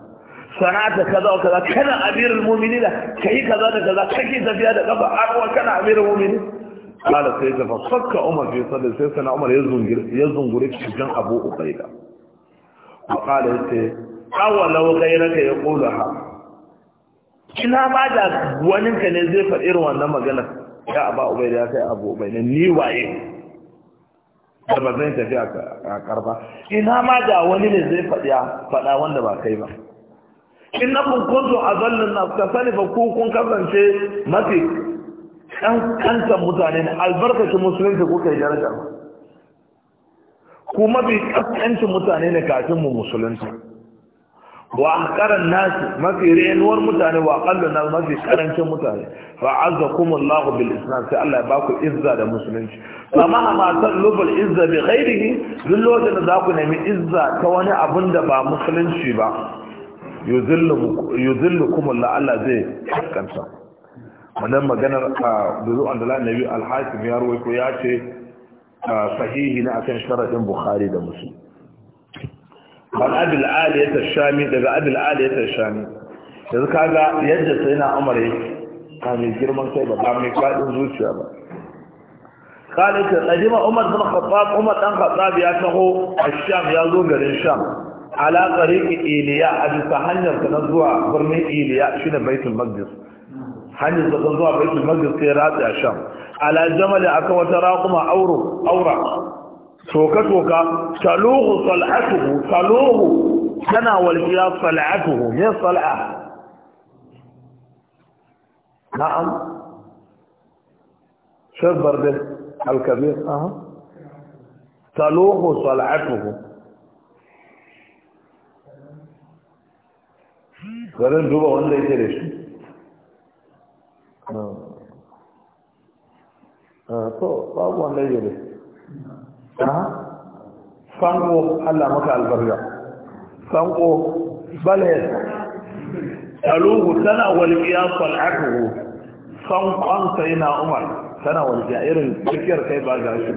sana'ata kaza wa kaza kana amirul mu'minin kai kaza da kaza kake tafiya da kafa arwa kana amirul mu'minin qala sai ta fakka umar bi sadr sai sana umar ya zungure ya zungure cikin abu ubaida wa kala yace awalau ghayraka yaqulaha ina ma da waninka ne zai faɗi irin wannan magana ya aba ubaida ya kai abu ubaida ni waye da ba zai tafi a karba ina ma da wani ne zai faɗi a? faɗa wanda ba kai ba in na kunkuntu a zallin na ka sani ba ku kun kasance mafi kantan mutane ne albarkacin musulunci ko kai darajar ku mafi kaskancin mutane ne kafin mu musulunci wa ahqaran nas mafi renuwar mutane wa aqallu mafi karancin mutane fa azzakumullahu bil islam sai Allah ya baku izza da musulunci amma ma talubul izza bi ghairihi duk lokacin da zaku nemi izza ta wani abun da ba musulunci ba yuzillukum Allah Allah zai kanta wannan maganar buzu ah, andala nabi al hasim ya ruwaito ya ce ah, sahihi ne akan sharadin bukhari da muslim an abil aliyatar shami daga abil aliyatar shami yanzu kaga yadda sai na umar yake ba mai girman kai ba ba mai faɗin zuciya ba khalid ta qadima umar bin khattab umar dan khattab ya taho a Sham ya zo garin sham ala tariqi iliya a bisa hanyar ta zuwa birnin iliya shine baitul maqdis hanyar ta zuwa baitul maqdis sai ratsi a sham ala jamal aka wata raquma auru aura سوكت وكا سلوغ صلعته سلوغ سنا والجلال صلعته من صلعة نعم شو برده الكبير اه سلوغ صلعته غرن جوبا هون ليس ليش اه اه تو sanko Allah maka albarka sanko balhe aluhu tana wal aqhu sankon anta ina Umar tana wal irin fikir kai ba ga shi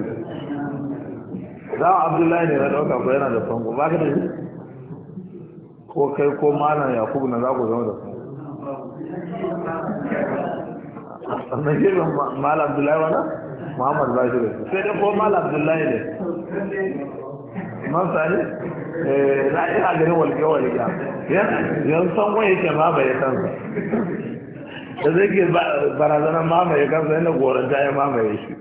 da Abdullahi ne na ka ko yana da sanko ba ka ko kai ko malam Yakubu na za ku zama da sanko sannan ke malam Abdullahi wannan muhammad su. sai dai ko mal abdullahi ne man sani eh, na ina ganin walƙe walƙe yan san waye ke mamaye kansa da zai ke barazanar mamaye kansa yana goranta ya mamaye shi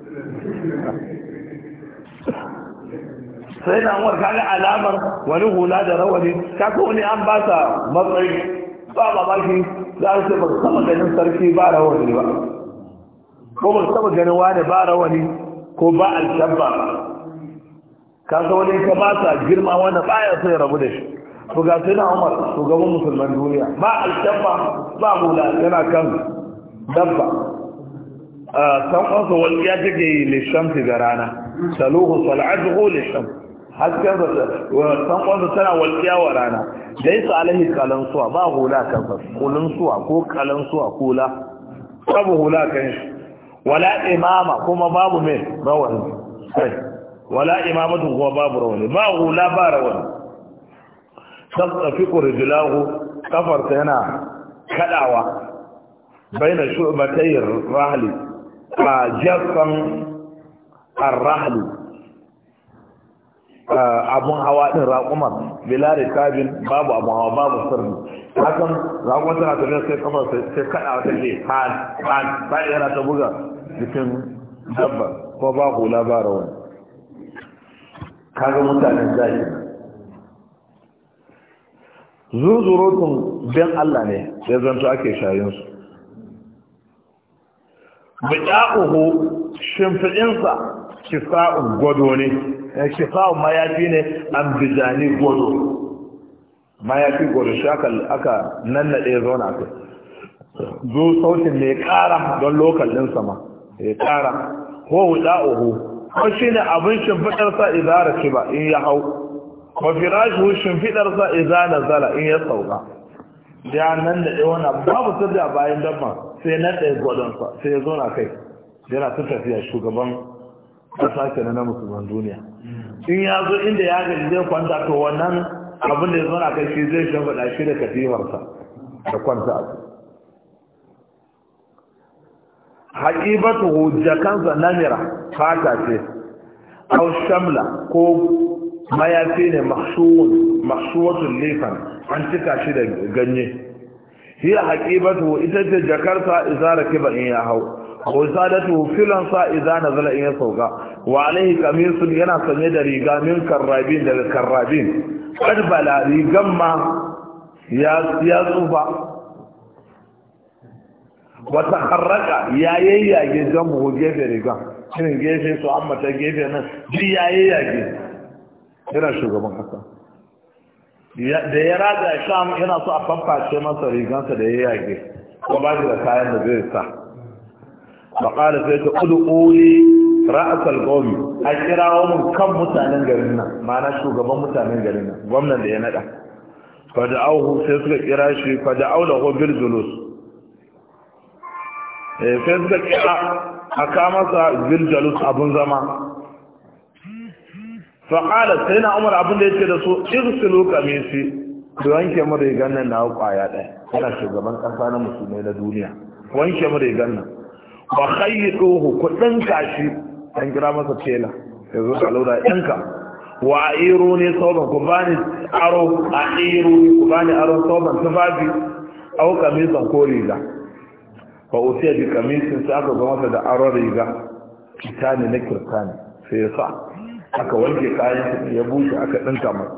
sai na umar kaga alamar wani hula da rawani kaga wani an ba ta matsayi ba mamaki za a ce ba sama ganin sarki ba rawani ba ko ba saba ganin wani ba rawani ko ba alkabba ga wani ka ba ta girma wani baya sai rabu da shi to ga sai na umar shugaban musulman duniya ba alkabba ba hula yana kan dabba san wani walƙiya take yi lishamfi da rana saluhu sal'adhu lishamfi ta san kansa tana walƙiya wa rana dai yi su alahi suwa ba hula kan suwa ko kalansuwa kula ba hula kan shi ولا امامه كما باب من روان طيب. ولا امامته هو باب روان ما هو لا باب روان تصفق رجلاه كفرت هنا كدعوة بين شعبتي الرحل فجفا آه، الرحل abun hawa din raƙuma bila tabin babu abun hawa babu sirri hakan raƙuma tana tafiya sai kafa sai kada wata ke fan fan sai yana ta buga jikin dabba ko ba hula ba rawan kaga mutanen zaki zuzurutun bin Allah ne ya zanto ake shayinsu bida'uhu shimfiɗinsa kisa'un gwado ne Eh, shifa'un mayafi ne an bizani godo mayafi godo shi aka nannaɗe zauna a kai zo sautin mai ƙara don lokal ɗin sama ya ƙara ko wuɗa uhu ko shi ne abin shimfiɗarsa izara ce ba in ya hau ko firashi shimfiɗarsa izana zala in ya sauka ya nan da ɗaya wani babu sirri a bayan dabba sai na ɗaya gwadonsa sai ya zo na kai yana ta tafiya shugaban ƙasa kenan na musulman duniya in ya zo inda ya gaji zai kwanta to wannan abin da ya zama kai shi zai shimfiɗa shi da katifarsa da kwanta a haƙibatu jakansa namira fata ce au shamla ko mayafi ne maksuwatun lefan an cika shi da ganye hiya haƙibatu ita ce jakarsa izara kiba in ya hau وزادته فلنسا إذا نزل إن يسوغا وعليه قميص ينا سنيد ريغا من كرابين دل كرابين قد بلا ريغا ما وتخرج يا يا جنبه جيفه ريغا shirin gefe su amma ta gefe nan duk yayi yage yana shugaban kasa da ya raga sham yana so a fafashe masa rigansa da ya yage ko ba shi da kayan da zai sa faƙala sai ta ƙudu'uli ra'asal gomi a kirawo mun kan mutanen garin nan ma'ana shugaban mutanen garin nan gwamnan da ya naɗa fada'auhu sai suka kira shi au da hobil julus sai suka kira a kamasa bil julus abun zama faƙala sai na umar abin da ya ce da su irsulu kamisi da wanke mu rigar nan na kwaya ɗaya yana shugaban ƙasa na musulmai na duniya wanke mu rigar nan ba khayyiduhu ku dinka shi ɗan kira masa tela yanzu ka lura dinka wa airu ne sauban ku bani aro a airu ku bani aro sauban tufafi au kamisan ko riga fa usiya bi kamisin sai aka zama da aro riga kitani na kirtani sai ya sa aka wanke kayan ya bushe aka dinka masa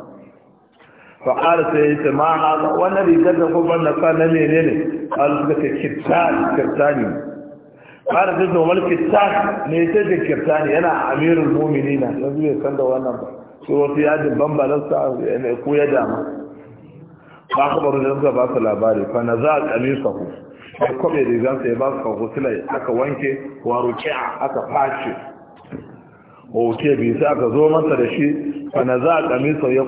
faƙar sai ya ce ma haka wannan rigar da kuma na sa na menene an suka ce kirtani fara zai mulki kirtan ne sai da ne yana mumini mu'minina yanzu bai san da wannan ba su wasu yajin ne ko ya dama ba ku baro da suka ba su labari fa na za a kamisa ku ya da rigansa ya ba su kawo tilai aka wanke wa a aka O ke bi sai aka zo masa da shi fa na za a kamisa ya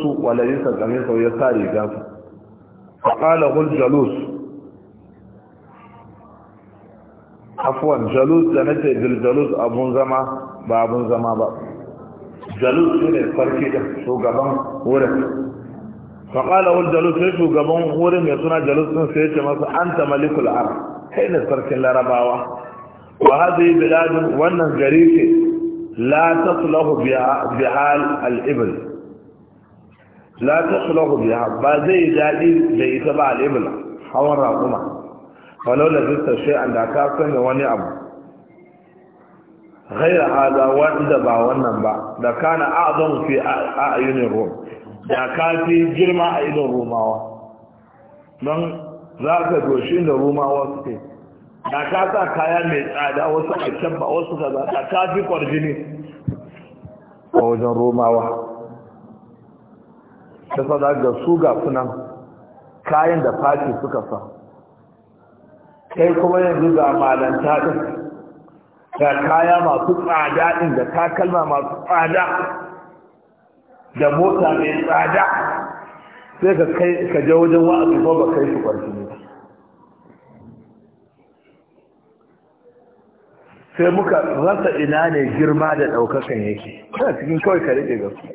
su, wala yi sa kamisa ya sa rigansa fa kala hul jalus afuwan jalus da nace jalus abun zama ba abun zama ba jalus shi ne farki da shugaban wurin faƙala wani jalus sai shugaban wurin mai suna jalus sun sai ce masa an ta malikul ar kai ne sarkin larabawa wa yi biladun wannan gari ce la taslahu bihal al-ibl la taslahu biha ba zai yi daɗi da ita ba al hawan raƙuma falau da zista da ka sanya wani abu ghaira hada wanda ba wannan ba da kana a'zam fi a'yunin rum da ka fi girma a idon rumawa don za ka doshi da rumawa suke da ka sa kaya mai tsada wasu a kyamba wasu ka za ka ka fi kwarjini a wajen rumawa ta sada ga su ga sunan kayan da fati suka sa kai kuma yanzu ga malanta din ga kaya masu tsada din da takalma masu tsada da mota mai tsada sai ka kai ka je wajen wa'azi ko ba kai su kwarki ne sai muka rasa ina ne girma da daukakan yake kana cikin kawai ka rike su.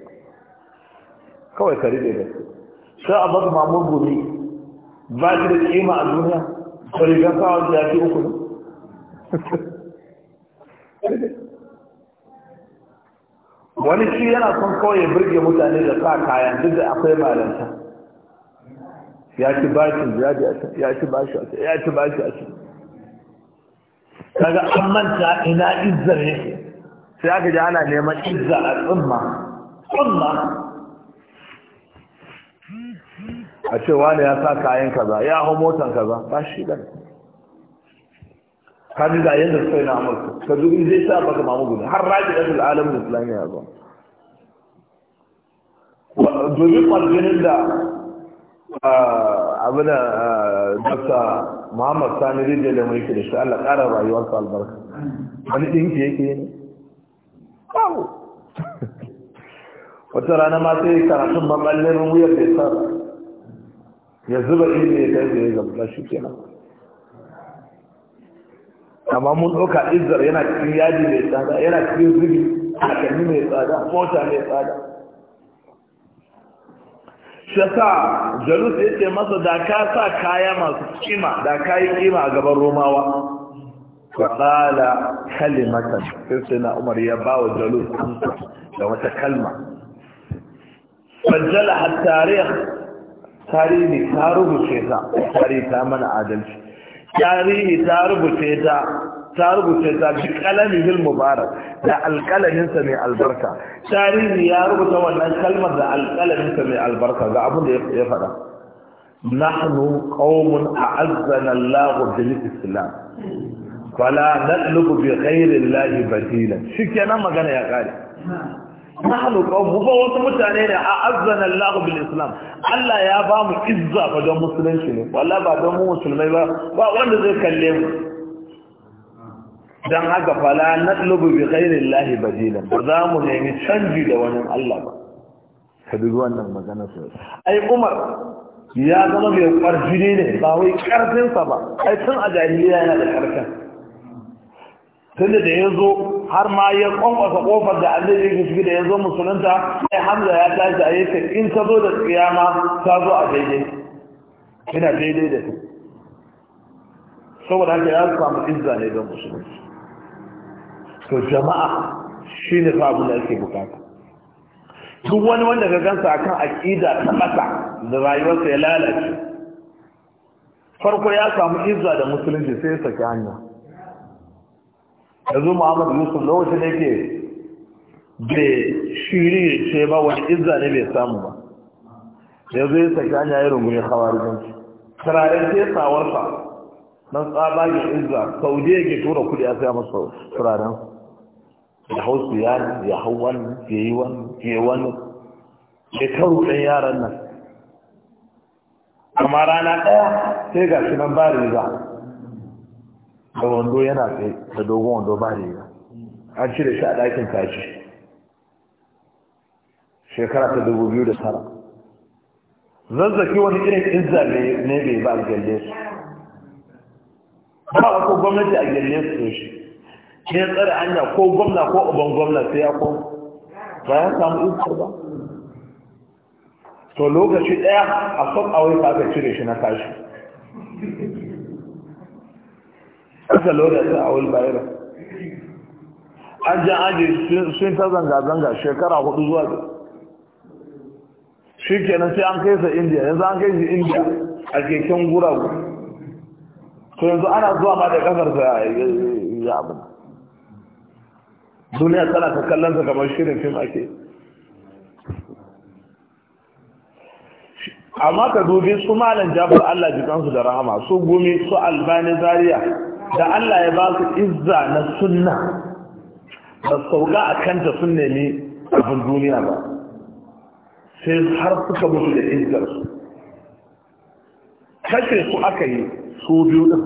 kawai ka ga su. sai a bar mamun gumi ba shi da kima a duniya wani shi yana son kawai birge mutane da sa kayan duk da akwai malanta ya ci bashin ya ci bashi a ya ci bashi ya ci kaga an manta ina izzar yake sai aka ji ana neman izza a tsumma tsumma a ce wani ya sa kayan kaza ya hau motan kaza ba shi da kaji da yadda suka yi na amurka ka dubi zai sa baka mamu guda har raji da alamun islamiyya ya zo domin kwarjinin da ah, abin da ah, dr muhammad sani rijiyar da mulki da shi allah ƙara rayuwarsa albarka wani ɗinki yake ne kawo wata rana ma sai karatun mamallin wuyar da ya sa ya zuba ilimi ya kai zai ya zamta shi kenan amma mun ɗauka izzar yana cikin yadi mai tsada yana cikin zubi kakanni mai tsada mota mai tsada shasa jalus ya ce masa da ka sa kaya masu kima da ka yi kima a gaban romawa faɗala kalimatan sai na umar ya ba wa jalus da wata kalma fajjala hattariya tarihi ta rubuce ta tarihi ta mana adalci tarihi ta rubuce ta ta rubuce ta bi kalamihil mubarak da alkalaminsa mai albarka tarihi ya rubuta wannan kalmar da alkalaminsa mai albarka ga abin da ya faɗa nahnu qaumun a'azzana Allah bil islam fala nadlubu bi ghairi Allah batilan shikenan magana ya kare nahnu qawm mu wasu mutane ne a azzana Allah bil Islam Allah ya ba mu izza fa don musulunci ne wallahi ba don mu musulmai ba ba wanda zai kalle mu dan haka fala natlubu bi ghairi Allah badilan ba za mu nemi canji da wani Allah ba ka dubi wannan magana sai ai Umar ya zama mai kwarjini ne ba wai karfin sa ba ai tun a jahiliya yana da karfin tunda da ya zo har ma ya kwankwasa kofar da annabi ya shiga da ya zo musulunta sai hamza ya tashi a yake in ta zo da tsiyama ta zo a daidai ina daidai da ku saboda haka ya samu izza ne don musulunci to jama'a shi ne fa abin da ake bukata duk wani wanda ka gansa akan aƙida ta ƙasa da rayuwarsa ya lalace farko ya samu izza da musulunci sai ya saki hanya yanzu muhammadu yusuf lokacin da yake bai shiri ce ba wani izza ne bai samu ba yanzu ya saki an yayi rungume kawarijanci turaren tesawarsa don tsabagen izza saudi yake tura kudi a saya masa turaren ya hau su ya ya hau wani ya yi wani ya yi wani ya karu ɗan yaran nan amma rana ɗaya sai ga shi nan ba riza a wando yana tsaye da dogon wando ba ba. an cire shi a ɗakin kaji shekara ta dubu biyu da tara zazzaki wani irin izza ne bai ba a gyalle su ba a ko gwamnati a gyalle su shi ne tsara hanya ko gwamna ko uban gwamna sai ya kwan ba ya samu izza ba to lokaci ɗaya a son awai ka cire shi na kashi aka lura da awul bayra an jan aji sun ta zanga zanga shekara hudu zuwa shi kenan sai an kai sa indiya yanzu an kai shi indiya a keken guragu to yanzu ana zuwa ma da kasar sa ya abu duniya tana ta kallon sa kamar shirin fim ake amma ka dubi su malin jafar allah jikansu da rahama su gumi su albani zaria da Allah ya ba su izza na sunna ba sauka a kanta sun nemi abin duniya ba sai har suka mutu da su kashe su aka yi su biyu ɗin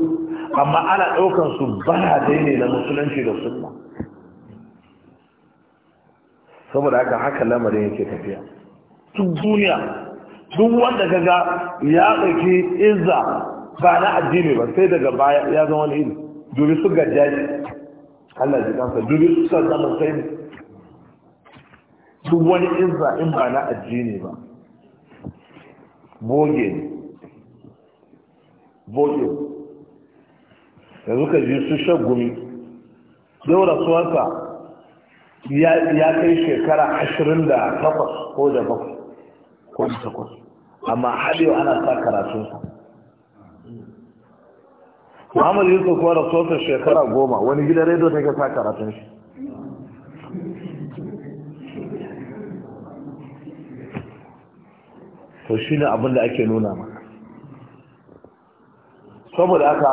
amma ana ɗaukar su bana dai ne na musulunci da sunna saboda haka haka lamarin yake tafiya duk duniya duk wanda ga ya ɗauki izza ba na addini ba sai daga baya ya zama wani iri dubi su gaddaji Allah ji kansa dubi su san zama sai duk wani izza in ba na addini ba boge ne boge yanzu ka ji su gumi yau rasuwarsa ya kai shekara ashirin da takwas ko da bakwai ko da takwas amma har ana sa karatunsa Muhammad Yusuf kuwa sosa shekara goma wani gidan rediyo ta sa karatun shi. To shi ne abin da ake nuna ma. Saboda aka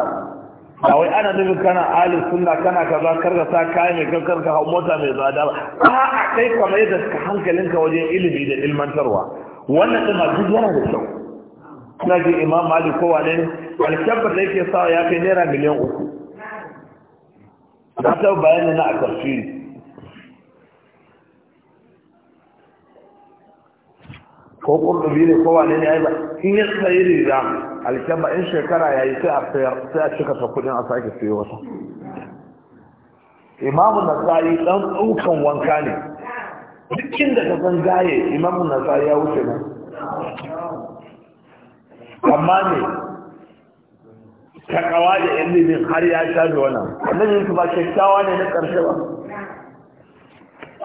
a wai ana nufin kana alif Suna, kana kaza karka sa kayan mai kankar ka hau mota mai zada ba a kai kamar da hankalinka wajen ilimi da ilmantarwa wannan ɗin ma duk yana da kyau na ji imam malik ko wane ne alkyabar da yake sawa ya kai naira miliyan uku na ta bayani na a ƙarfi. ko kurdubi ne ko wane ne yi ba in ya sayi riga alkyabar in shekara ya yi sai a cika ta kudin a sake sayo wata imamu nasa'i dan tsukan wanka ne dukkin da ta san gaye imamu nasa'i ya wuce nan amma ne kakawa da yan har ya sha da wannan ne su ba kyakkyawa ne na ƙarshe ba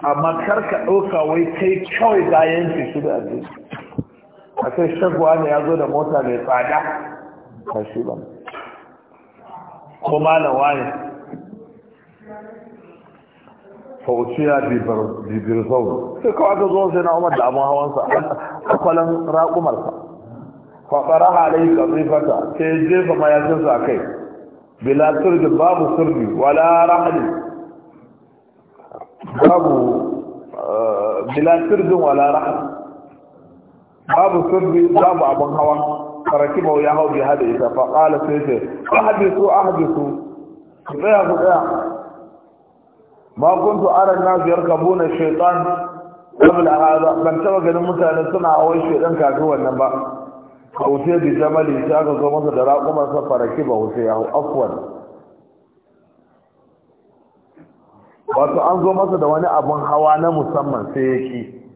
amma kar ka ɗauka wai kai kyawai bayan shi su da abin a kai shagwa ne ya zo da mota mai tsada ba shi ba ko malawa ne fauciya bibirzau sai kawai ka zo sai na umar da abin hawansa akwalan raƙumarsa faɗara halai kabri fata sai jefa mayakinsa a kai bila turbi babu turbi wala rahali babu bila turbin wala rahali babu turbi babu abin hawa faraki bau ya hau bi hada ita faƙala sai ce ahadisu ahadisu ku tsaya ku tsaya ma kuntu aran nasu yarkabuna shaitan qabla hada ban taba ganin mutane suna a hawa shaitan kafin wannan ba kausai bi jamali ta aka zo masa da raƙumarsa faraki ba wuce ya afwan wato an zo masa da wani abun hawa na musamman sai ya ki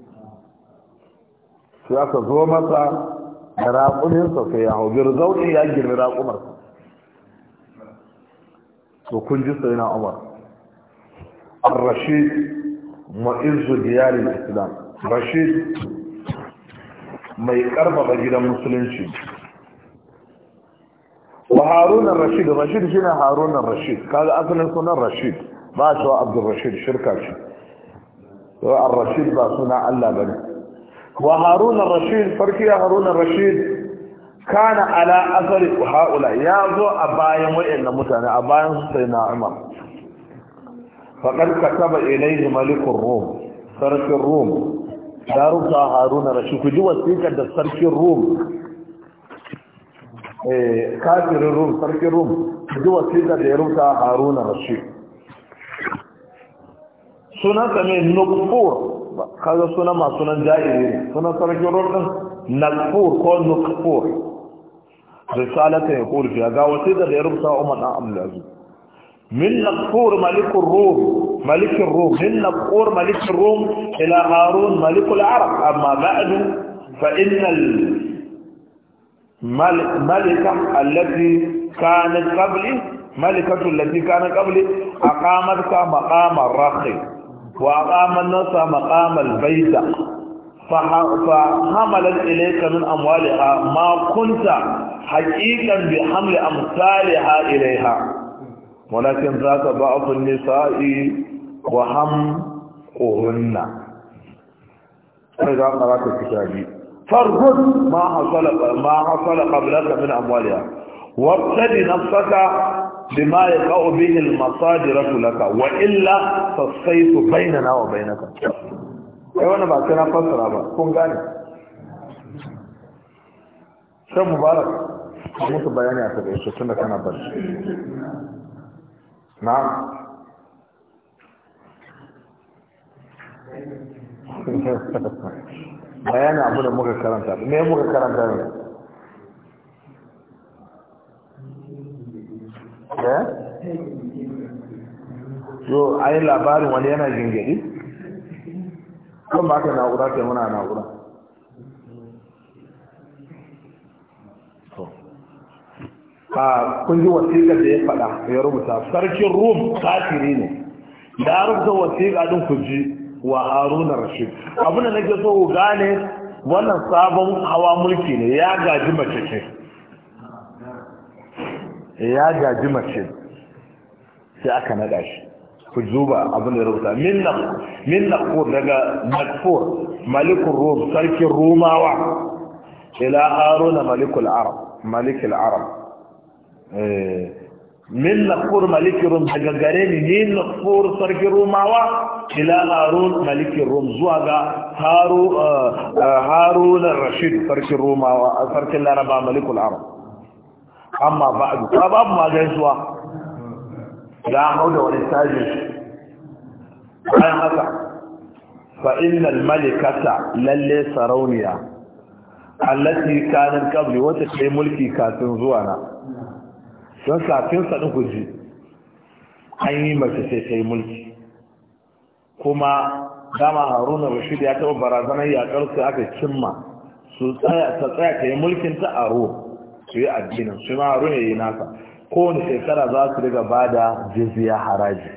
sai aka zo masa da raƙuminsa sai ya hau birzauɗi ya girmi raƙumarsa to kun ji sai na umar ar-rashid ma'izu diyarin islam rashid mai karfafa gidan musulunci wa harunan rashid rashid shi ne harunan rashid kaga asalin sunan rashid ba shi wa abdul rashid shirka shi. wa rashid ba suna allah bane wa harunan rashid farki ya harunan rashid kana ala asari haula ya zo a bayan wa'in mutane a bayan su sai na'ima umar faƙar kataba ilaihi malikun rum sarkin rum ya rubuta haruna shi. ku ji wasikar da sarkin rum eh, kafirin rum sarkin rum ku ji wasikar da ya rubuta haruna shi. sunansa ne nukfur kaga sunan masu sunan ja'iri Suna sunan sarkin rum din nakfur ko nukfur risalata ya kurfi ga wasikar da ya rubuta umar dan abdulaziz من نقور ملك الروم ملك الروم من نقور ملك الروم إلى هارون ملك العرب أما بعد فإن الملكة التي كانت قبلي ملكة التي كانت قبل أقامت مقام الرخي وأقام الناس مقام البيت فحملت إليك من أموالها ما كنت حقيقا بحمل أمثالها إليها walakin zaka ba'dhu nisa'i wa ham uhunna sai ga karatu kitabi farhud ma hasala ma hasala qablaka min amwaliha wabtadi nafsaka bima yaqau bihi al-masadir laka wa illa fasaytu bainana wa bainaka kai wannan ba kana fasara ba kun gane sai mubarak musu bayani a tabbata tunda kana barci نعم bayanin abu da muka karanta me muka karanta ne eh yo ai labarin wani yana jingiri kan ba ka na'ura ce muna na'ura a kun ji wasiƙar da ya faɗa ya rubuta sarkin rum kafiri ne da rubuta wasiƙa din ku ji wa haruna rashid abinda na nake so ku gane wannan sabon hawa mulki ne ya gaji mace ce ya gaji mace sai aka naɗa shi ku zuba abin da rubuta min naqur daga nakfur malikun rum sarkin rumawa ila haruna malikul arab malikul arab Eh, min lafur malikin rum daga gare ni ni lafur sarki rumawa ila harun malikin rum zuwa ga eh, eh, harun rashid sarkin rumawa sarkin laraba malikul arab amma a duka babu ma gaisuwa ya hau da wani tajin bayan haka fa innal malikata lalle sarauniya allati kanin qabli wata kai mulki kafin zuwa na don safin sa kuji an yi mace sai ta yi mulki kuma dama haruna rashid ya taɓa barazanar yaƙar su aka cimma su tsaya ta yi mulkin ta aro su yi addinin su ma haruna ya yi nasa kowane shekara za su riga ba da jizya haraji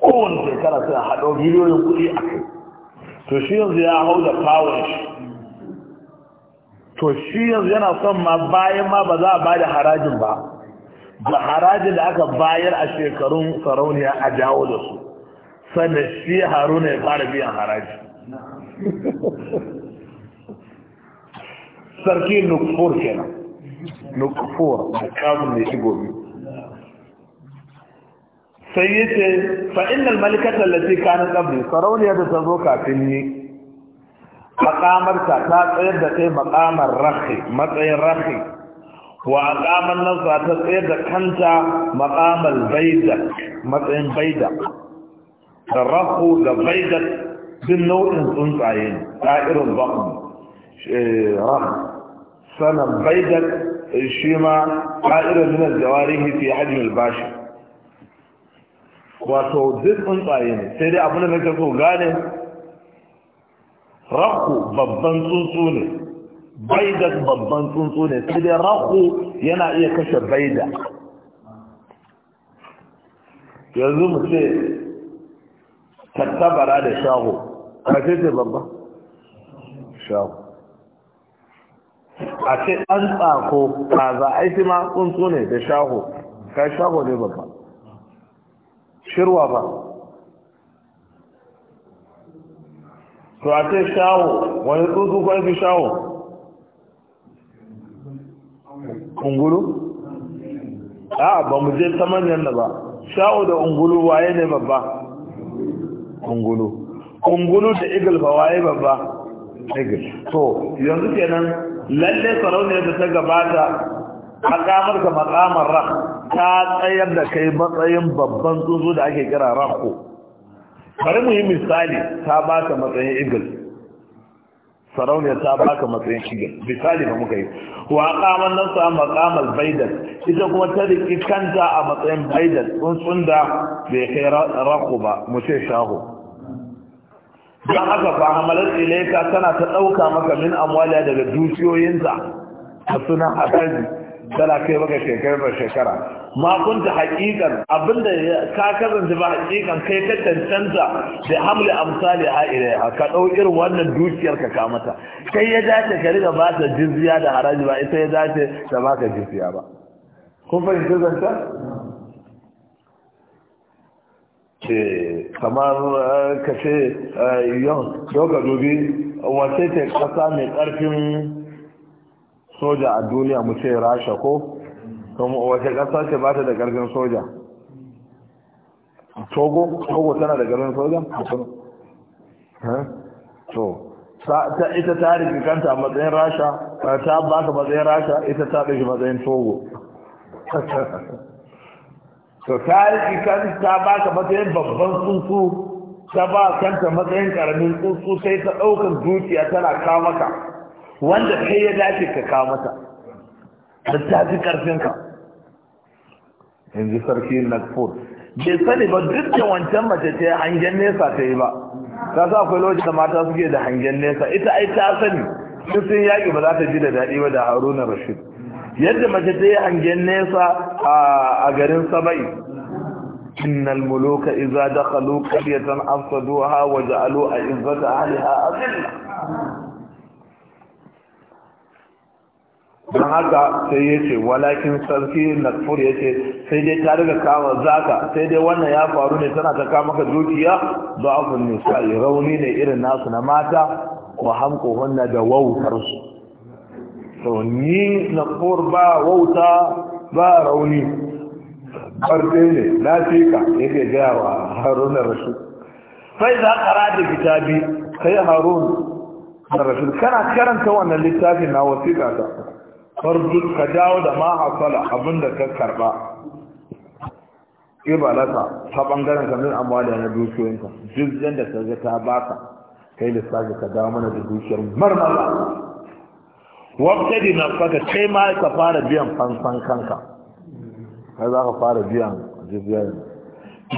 kowane shekara suna haɗo miliyoyin kuɗi a kai to shi yanzu ya hau da fawon shi to shi yanzu yana son ma bayan ma ba za a ba da harajin ba da harajin da aka bayar a shekarun sarauniya a jawo da su sannan shi haruna ya fara biyan haraji sarki nukfur kenan nukfur da kamun ne shigo gobe. sai yace fa innal malikata allati kanat qabli sarauniya da ta zo kafin ni مقامرك تصير دكي مقامر رخي متعين رخي وعقام النظر تصير دكانتا مقام البيضة متعين بيضة ترخو لبيضة بالنوء انتعين تائر الضخم رخ سنة بيضة الشيما تائر من الزواريه في حجم الباشر وتوزيد انتعين سيدي أبونا نجده قاله raku babban tsuntsu ne baida babban tsuntsu ne sai dai raku yana iya kashe baida yanzu mu ce tattabara da shago kashe ce babba shago a ce an tsako kaza aiki ma tsuntsu ne da shago kai shago ne babba shirwa ba to a ce shawo wani tsuntsu kwan fi shawo ungulu a ba mu je ta manyan da ba shawo da ungulu waye ne babba ungulu ungulu da igil ba waye babba igil to yanzu kenan lalle sarauni da ta gabata makamarka makamar rak ta tsayar da kai matsayin babban tsuntsu da ake kira rakko bari mu yi misali ta ba ka matsayin igil sarauniya ta ba ka matsayin igil misali ba muka yi wa kaman nan sa makamar baidan ita kuma ta riki kanta a matsayin baidan tsuntsun da bai kai rako ba mu ce shaho don haka fa hamalar ilaika tana ta ɗauka maka min amwaliya daga dukiyoyinta a sunan akaji. tana kai maka shekarar da shekara ma ta haƙiƙan abinda ka kasance ba haƙiƙan kai ka tantanta da hamli amsali ha ilaiha ka ɗau irin wannan dukiyar ka ka mata kai ya dace ka riga ba ta jizya da haraji ba ita ya dace ta ka jizya ba kun fahimci zanta ce kamar eh, ka ce eh, yau doka dubi wace ce ƙasa mai ƙarfin soja a duniya mu ce rasha ko wace ƙasa ce ba ta da ƙarfin soja togo togo tana da ƙarfin soja to ta ita ta rike kanta a matsayin rasha ta ba ta matsayin rasha ita ta ɗauki matsayin togo to ta rike kanta ta ba ka matsayin babban tsuntsu ta ba kanta matsayin ƙaramin tsuntsu sai ta ɗaukar zuciya tana kamaka wanda kai ya dace ka kawo mata da ta fi ƙarfinka in ji sarki nagpur bai sani ba duk da wancan mace ce hangen nesa ta yi ba ta sa akwai lokacin da mata suke da hangen nesa ita ai ta sani duk sun yaƙi ba za ta ji da daɗi ba da haruna rashid yadda mace ta yi hangen nesa a garin saba'i إن الملوك إذا دخلوا قرية أفسدوها وجعلوا ja'alu a أذلة don haka sai ya ce walakin sarki nakfur ya ce sai dai ta daga kama zaka sai dai wannan ya faru ne tana ta kama ka dukiya ba a kun nisa'i rauni ne irin nasu na mata wa hanko wannan da wautar su. so ni nakfur ba wauta ba rauni barde ne na ce ka yake gaya wa da rashu sai za ka rada kitabi kai harun da rashu kana karanta wannan littafin na wasiƙa ta farjud ka dawo da ma hasala abinda ka karba ibalata ta bangaren kamar min amma da na dukiyoyinka juz'in da ka ga ta baka kai lissafi ka dawo mana da dukiyar marmala wabtadi na faka kai ma ka fara biyan fansan kanka kai za ka fara biyan jizyar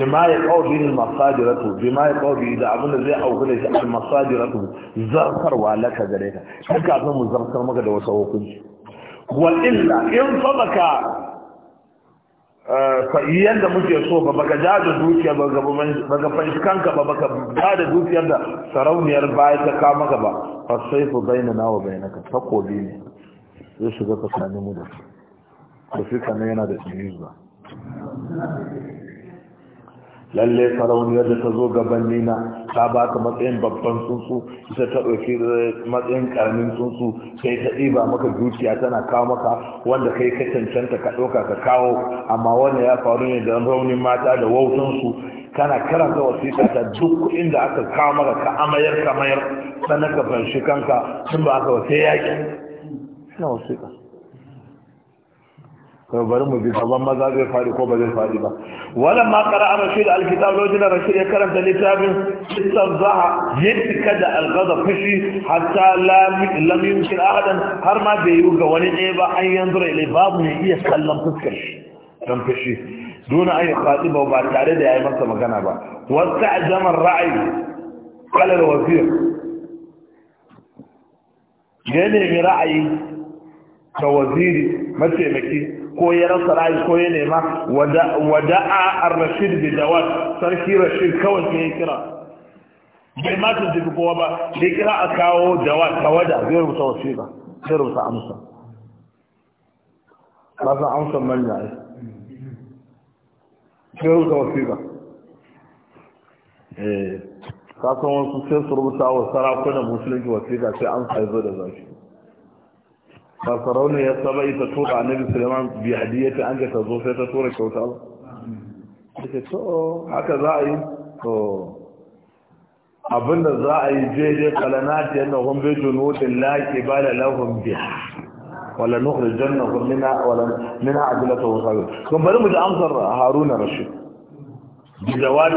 ma ya kawo biyu masadiratu ma ya kawo abin da abinda zai auku da shi al masadiratu zartarwa laka gare ka kai kafin mu zartar maka da wasu hukunci illa in fa baka eh, da muke so ba baka ja da dukiya ba baka fanshi ka ba baka ja da dukiyar da sarauniyar baya ta kama ka ba fa sai ku nawa bayyana ka takobi ne zai shiga tsakanin mu da su sai kana yana da tsiri ba lalle sarauniyar da ta zo gaban nina ta baka matsayin babban tsuntsu ita ta ɗauki eh, matsayin ƙaramin tsuntsu sai ta ɗiba maka dukiya tana kawo maka wanda kai ka cancanta ka ɗauka ka kawo amma wannan ya faru ne da raunin mata da wautansu kana karanta wasiƙa ta duk kuɗin da aka kawo maka ka amayar ka mayar sannan ka fanshi kanka tun ba aka wasai yaƙi to bari mu bi gaban maza zai fadi ko ba zai fadi ba wannan ma qara'a rashid alkitab lojina rashid ya karanta littafin istazzaha yadda da alghadab fushi hatta la lam ahadan har ma bai yi ga wani ɗaya ba an yanzu ilai babu ne iya kallon fuskar shi dan fushi dole an yi khatiba ba tare da yayi masa magana ba Wasu ajamar ra'ayi kalar al-wazir ya nemi ra'ayi ga waziri mataimaki ko ya rasa ra'ayi ko ya nema wada'a a rashid bi dawat sarki rashid kawai ke kira bai ma jibi kowa ba da ya kira a kawo dawat tawada zai rubuta wasiƙa zai rubuta amsa ba amsa manya ne zai rubuta wasiƙa eh kasan wasu sai su rubuta wa sarakunan musulunci wasiƙa sai amsa ya zo da zafi ba sarauna ya saba ita tura annabi suleiman bi hadiyata an ga ta zo sai ta tura kyauta ba take to haka za a yi to abinda za a yi daidai kalanati yana humbe junudin laki ba da lahun biya wala nukhrijan na mina wala mina ajlata wa sabu kun bari mu ji amsar haruna rashid bi jawabi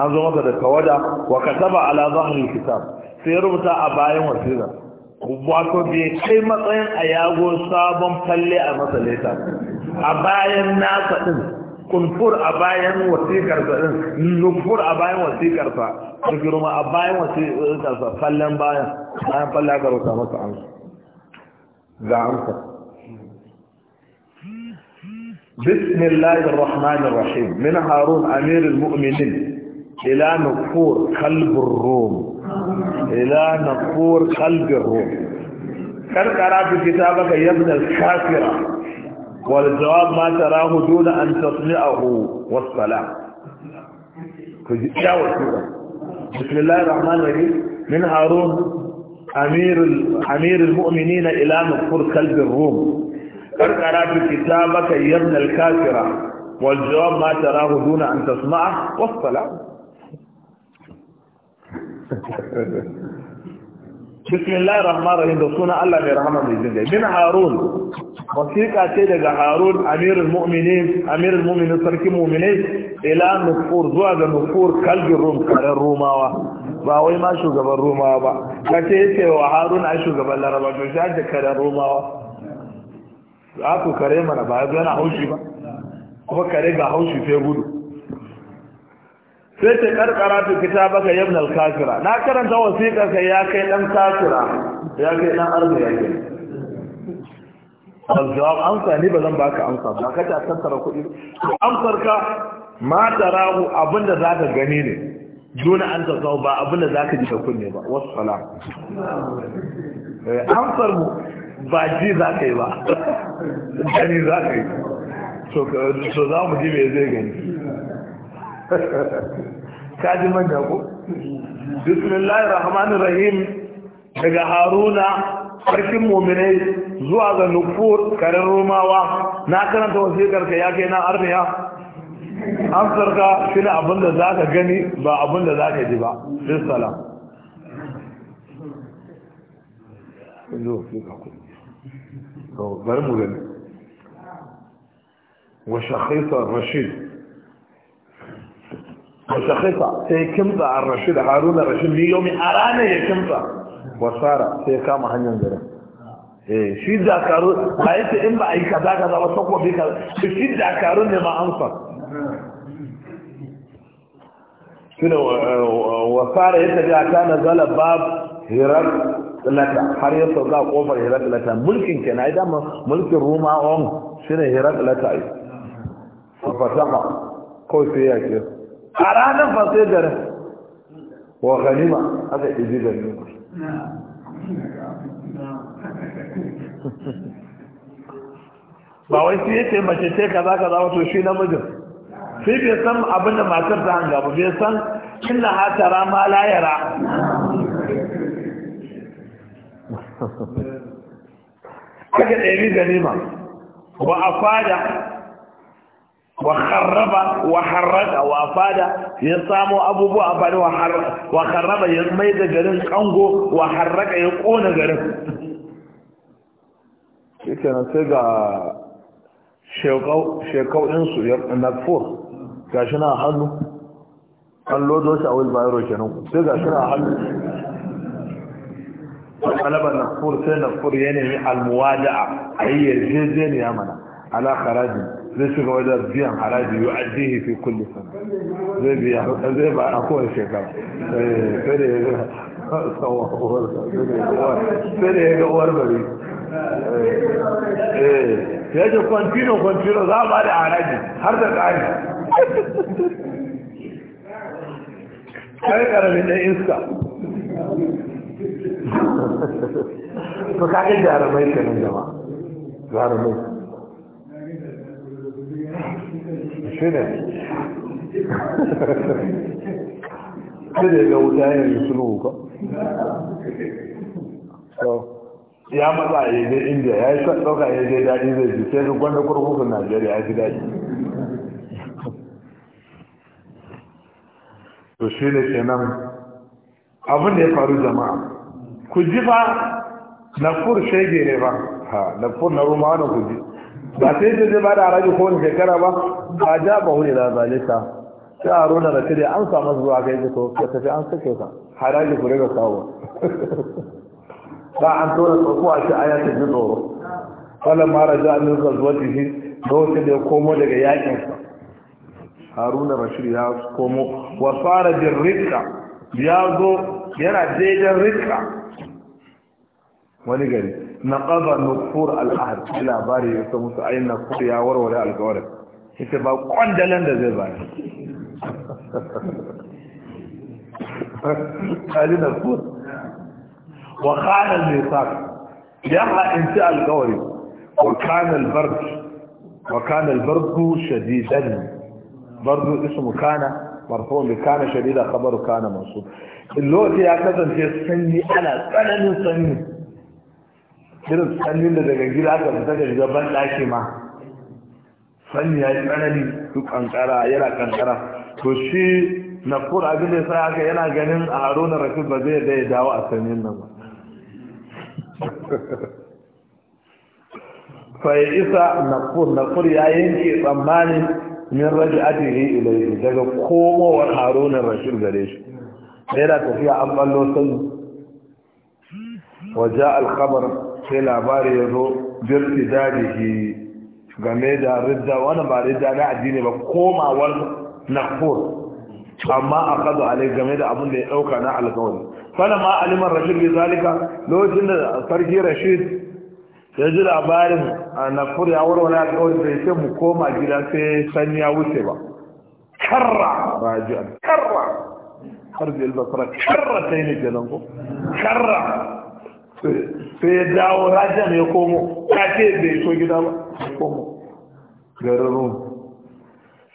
an zo maka da kawada wa kataba ala zahri kitab sai rubuta a bayan wasira wato bai kai matsayin a yago sabon falle a masa a bayan nasa ɗin kunfur a bayan wasiƙarsa ɗin nufur a bayan wasiƙarsa girma a bayan wasiƙarsa fallen bayan bayan falle aka rusa masa amsa ga amsa بسم الله الرحمن الرحيم من هارون أمير المؤمنين إلى نفور كلب الروم الى نقور قلب الروح كرقرا في كتابك يا ابن الكافر والجواب ما تراه دون ان تطمئه والصلاه بسم الله الرحمن الرحيم من هارون امير امير المؤمنين الى نقور قلب الروم كرقرا في كتابك يا ابن الكافر والجواب ما تراه دون ان تسمعه والصلاه bismillahir rahmanir rahim da sunan Allah mai rahama mai jin Bin harun wasiqa ce daga harun amirul mu'minin amirul mu'minin sarkin mu'minai ila nufur zuwa ga nufur kalbin rum karen rumawa ba wai ma shugaban rumawa ba kace yace wa harun ai shugaban laraba to shi da karen rumawa za ku kare mana ba yana haushi ba kuma kare ga haushi sai gudu sai ta karkara ta fita baka yi al-kafira na karanta wasiƙa kai ya kai ɗan kafira ya kai ɗan arba ya kai al amsa ni bazan baka amsa ba ka ta tattara kuɗi amsar ka ma rahu abinda ka gani ne juna an ta zau ba abinda ka ji ka kunne ba wasu wassalam eh, amsar mu ba ji za ka yi ba gani za ka yi To za mu ji me zai gani kaji manja ko bismillahir rahmanir rahim daga haruna farkin muminai zuwa ga nufur karin romawa na karanta wasikar ka ya kai na arniya amsar ka shi ne abinda za ka gani ba abinda za ka ji ba bisalam zo fi ka kuma bari mu gani wa shakhisa rashid وشخصة سيكمتا عن رشيد هارون الرشيد من يومي أرانا يكمتا وصارا سيكاما هنيان درم إيه، شيد داكارون بايت إمبا أي كذاكا دا وصوكو بيكا شيد داكارون لما أنصر شنو وصارا يتجع كان ذال باب هرق لك حريص الله قوفر هرق لك ملك كان هيدا ملك الروما عم شنو هرق لك فتقع كوي فيها كيف a ranar ba sai garin wa ganima aka ɗiji ganima ba wai sai yace mace ce kaza kaza wato shi namijin sai bai san abin da matar ta hanga ba bai san inna hatara ma layara. yara kaga ɗari ganima wa afada wa kharraba wa harraka wa fada ya samo abubuwa a fada wa kharraba ya mai da garin kango wa harraka ya kona garin shi sai ga shekau ɗinsu ga shi na hannu a wilbayaro kenan sai ga shi na hannu sai ya nemi almuwada'a a yi yarjejeniya mana ala kharajin ليس كواذا بيان على يؤديه في كل سنة زي بيان زي بيان أخوه الشيطان فريه فريه قوار بي ايه يجب قنطينه كونتينو ذا مالي على جي هرده قاعد كيف قرر من انسك فكاك جارة ميكة من جماعة جارة ميكة shida shida ga wuta yanzu sulhu ka ya matsa ya je india ya yi ɗauka ya je daɗi zai ji sai duk wanda kurkukun najeriya ya ji daɗi to shi ne kenan abin da ya faru jama'a ku ji fa na fur shege ne ba ha na fur na rumawa na ku ji ba sai su zai ba da haraji ko wani shekara ba ba ja ba wuri da zalita sai a rona da kare an samu zuwa kai yi to ka tafi an sake ka haraji kure ga kawo ba an tura tsoko a shi ayatul jidoro wala ma raja min zazwatihi lokacin da ya komo daga yakin sa. haruna rashid ya komo wa fara bin rikka ya zo yana daidan rikka wani gari naqaba nufur al-ahd labari ya so musu ayin nufur ya warware alƙawarin ita ba kwandalan da zai bayar kali nufur wa khana al-mithaq ya ha'inci alƙawari wa kana al-bard wa kana al-bard shadidan برضو اسمه كان مرفوع بكان شديد خبر كان منصوب اللوت يا كذا في السني انا سنن سني irin sannin da daga gida aka fita da shiga ban ɗaki ma Sannin ya yi tsanani su kankara yana kankara to shi na kura abin da sai haka yana ganin a haruna rafi ba zai da ya dawo a sanyin nan ba fai isa na nakur ya yanke tsammani min raji adiri ilaihi daga komowar haruna rashid gare shi yana tafiya an ballo sanu waje alkhabar sai labari ya zo birti ke game da ridda wannan ba ridda na addini ba komawar kur amma a kazo alai game da abin da ya ɗauka na alkawari fana ma aliman rashid bi zalika lokacin da sarki rashid ya ji labarin kur ya warware alkawari sai sai mu koma gida sai san ya wuce ba karra karra har da albasara karra sai ne jalanko. karra فيدعو رجا يقوم كاتب بيشو كده يقوم غررون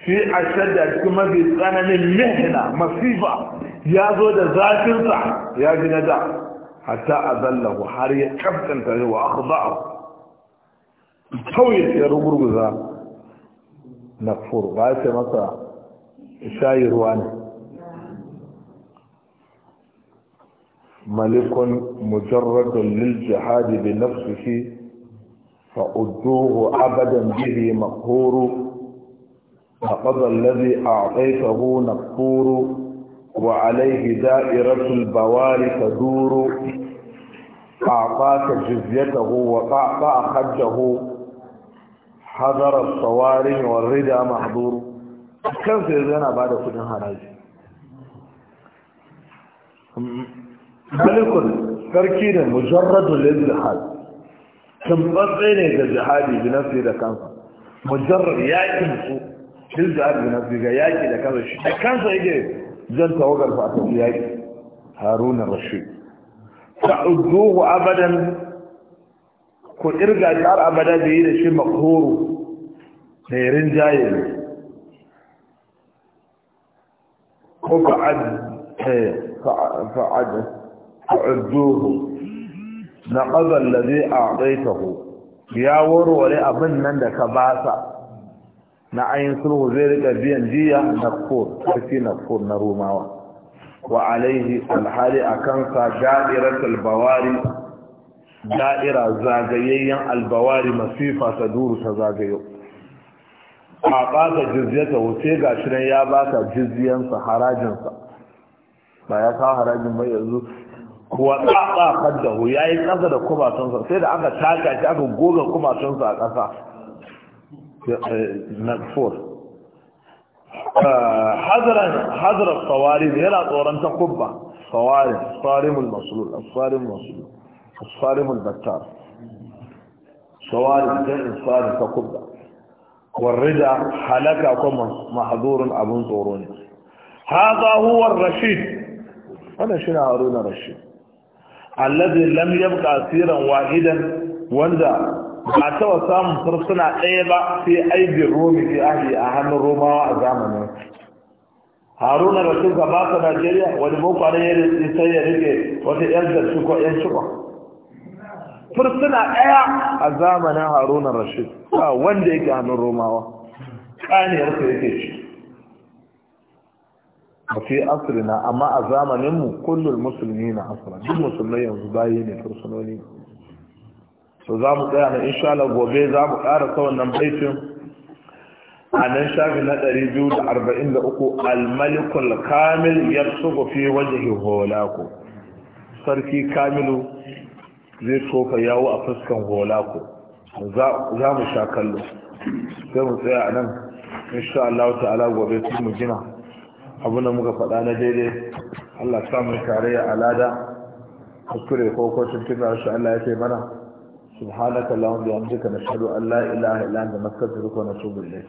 في أشد كما بيتقان من مهنة مصيفة يا زود ذات الضع يا جنة دع حتى أذله حريا كبتن تغير وأخضعه تويت يا رجل غزا نكفر غاية مصر شاير وانه ملك مجرد للجهاد بنفسه فأدوه عبدا به مقهور فقضى الذي أعطيته نقفور وعليه دائرة البوار تدور أعطاك جزيته وقعطى حجه حضر الصوارم والردى محظور كم سيدنا بعد كل هذا malikun sarki ne mujarradun lil jihad tumbatse ne ga jihadi bi nafsi da kansa mujarrad ya su lil jihad bi nafsi ga yaki da kansa shi da kansa yake zan tawagar fa ta yaki harun rashid ta'udduhu abadan ku irga har abada da yi da shi makoro da yarin jaye ko fa'ad eh, a'udduhu na ƙazan da a ɗaitahu ya warware abin nan da ka basa na ayin sulhu zai rika biyan jiya na kur ƙarfi na kur na rumawa wa alaihi alhali a kansa da'irar albawari da'ira zagayayyen albawari masifa ta duru ta zagayo a ɓata jizyata wuce ga shirin ya ba ta jizyansa harajinsa ba ya kawo harajin mai yanzu wa tsatsa faddahu ya yi ƙasa da kumatunsa sai da aka taka shi aka goga kumatunsa a ƙasa eh, na ford eh, hazarar tsawarin yana tsoron ta kubba tsawarin tsarimul masulul tsarimul masulul tsarimul battar tsawarin jan tsarin ta kubba Warri da halaka kuma mahazurun abun tsoro ne haza huwar rashid wannan shi na haruna rashid allazi lam yabqa siran wahidan wanda ba ta wa samun fursuna ɗaya ba sai aibin romi fi ahli a hannun romawa a zamanin haruna da sun gaba ta najeriya wani boko ne sai ya rike wata yar da su ko yan shuka fursuna ɗaya a zamanin haruna rashid ba wanda yake hannun romawa ƙaniyarsa yake shi a fi asirina amma a zamaninmu kullum musulmi na asira duk musulmai yanzu bayi ne fursunoni so za mu tsaya na insha Allah gobe za mu ƙara nan baitin a nan shafi na 243 almalikul kamil ya tsogo fi wajen holako sarki kamilu zai toka yawo a fuskan holako za mu sha kallo sai mu tsaya a nan insha Allah ta'ala gobe sun mu gina da muka faɗa na daidai Allah samun tarayya alada kuskure ko kocin tuna Allah ya ce mana subhanaka lahum bihamdika nashhadu an la ilaha illa anta nastaghfiruka wa natubu ilayk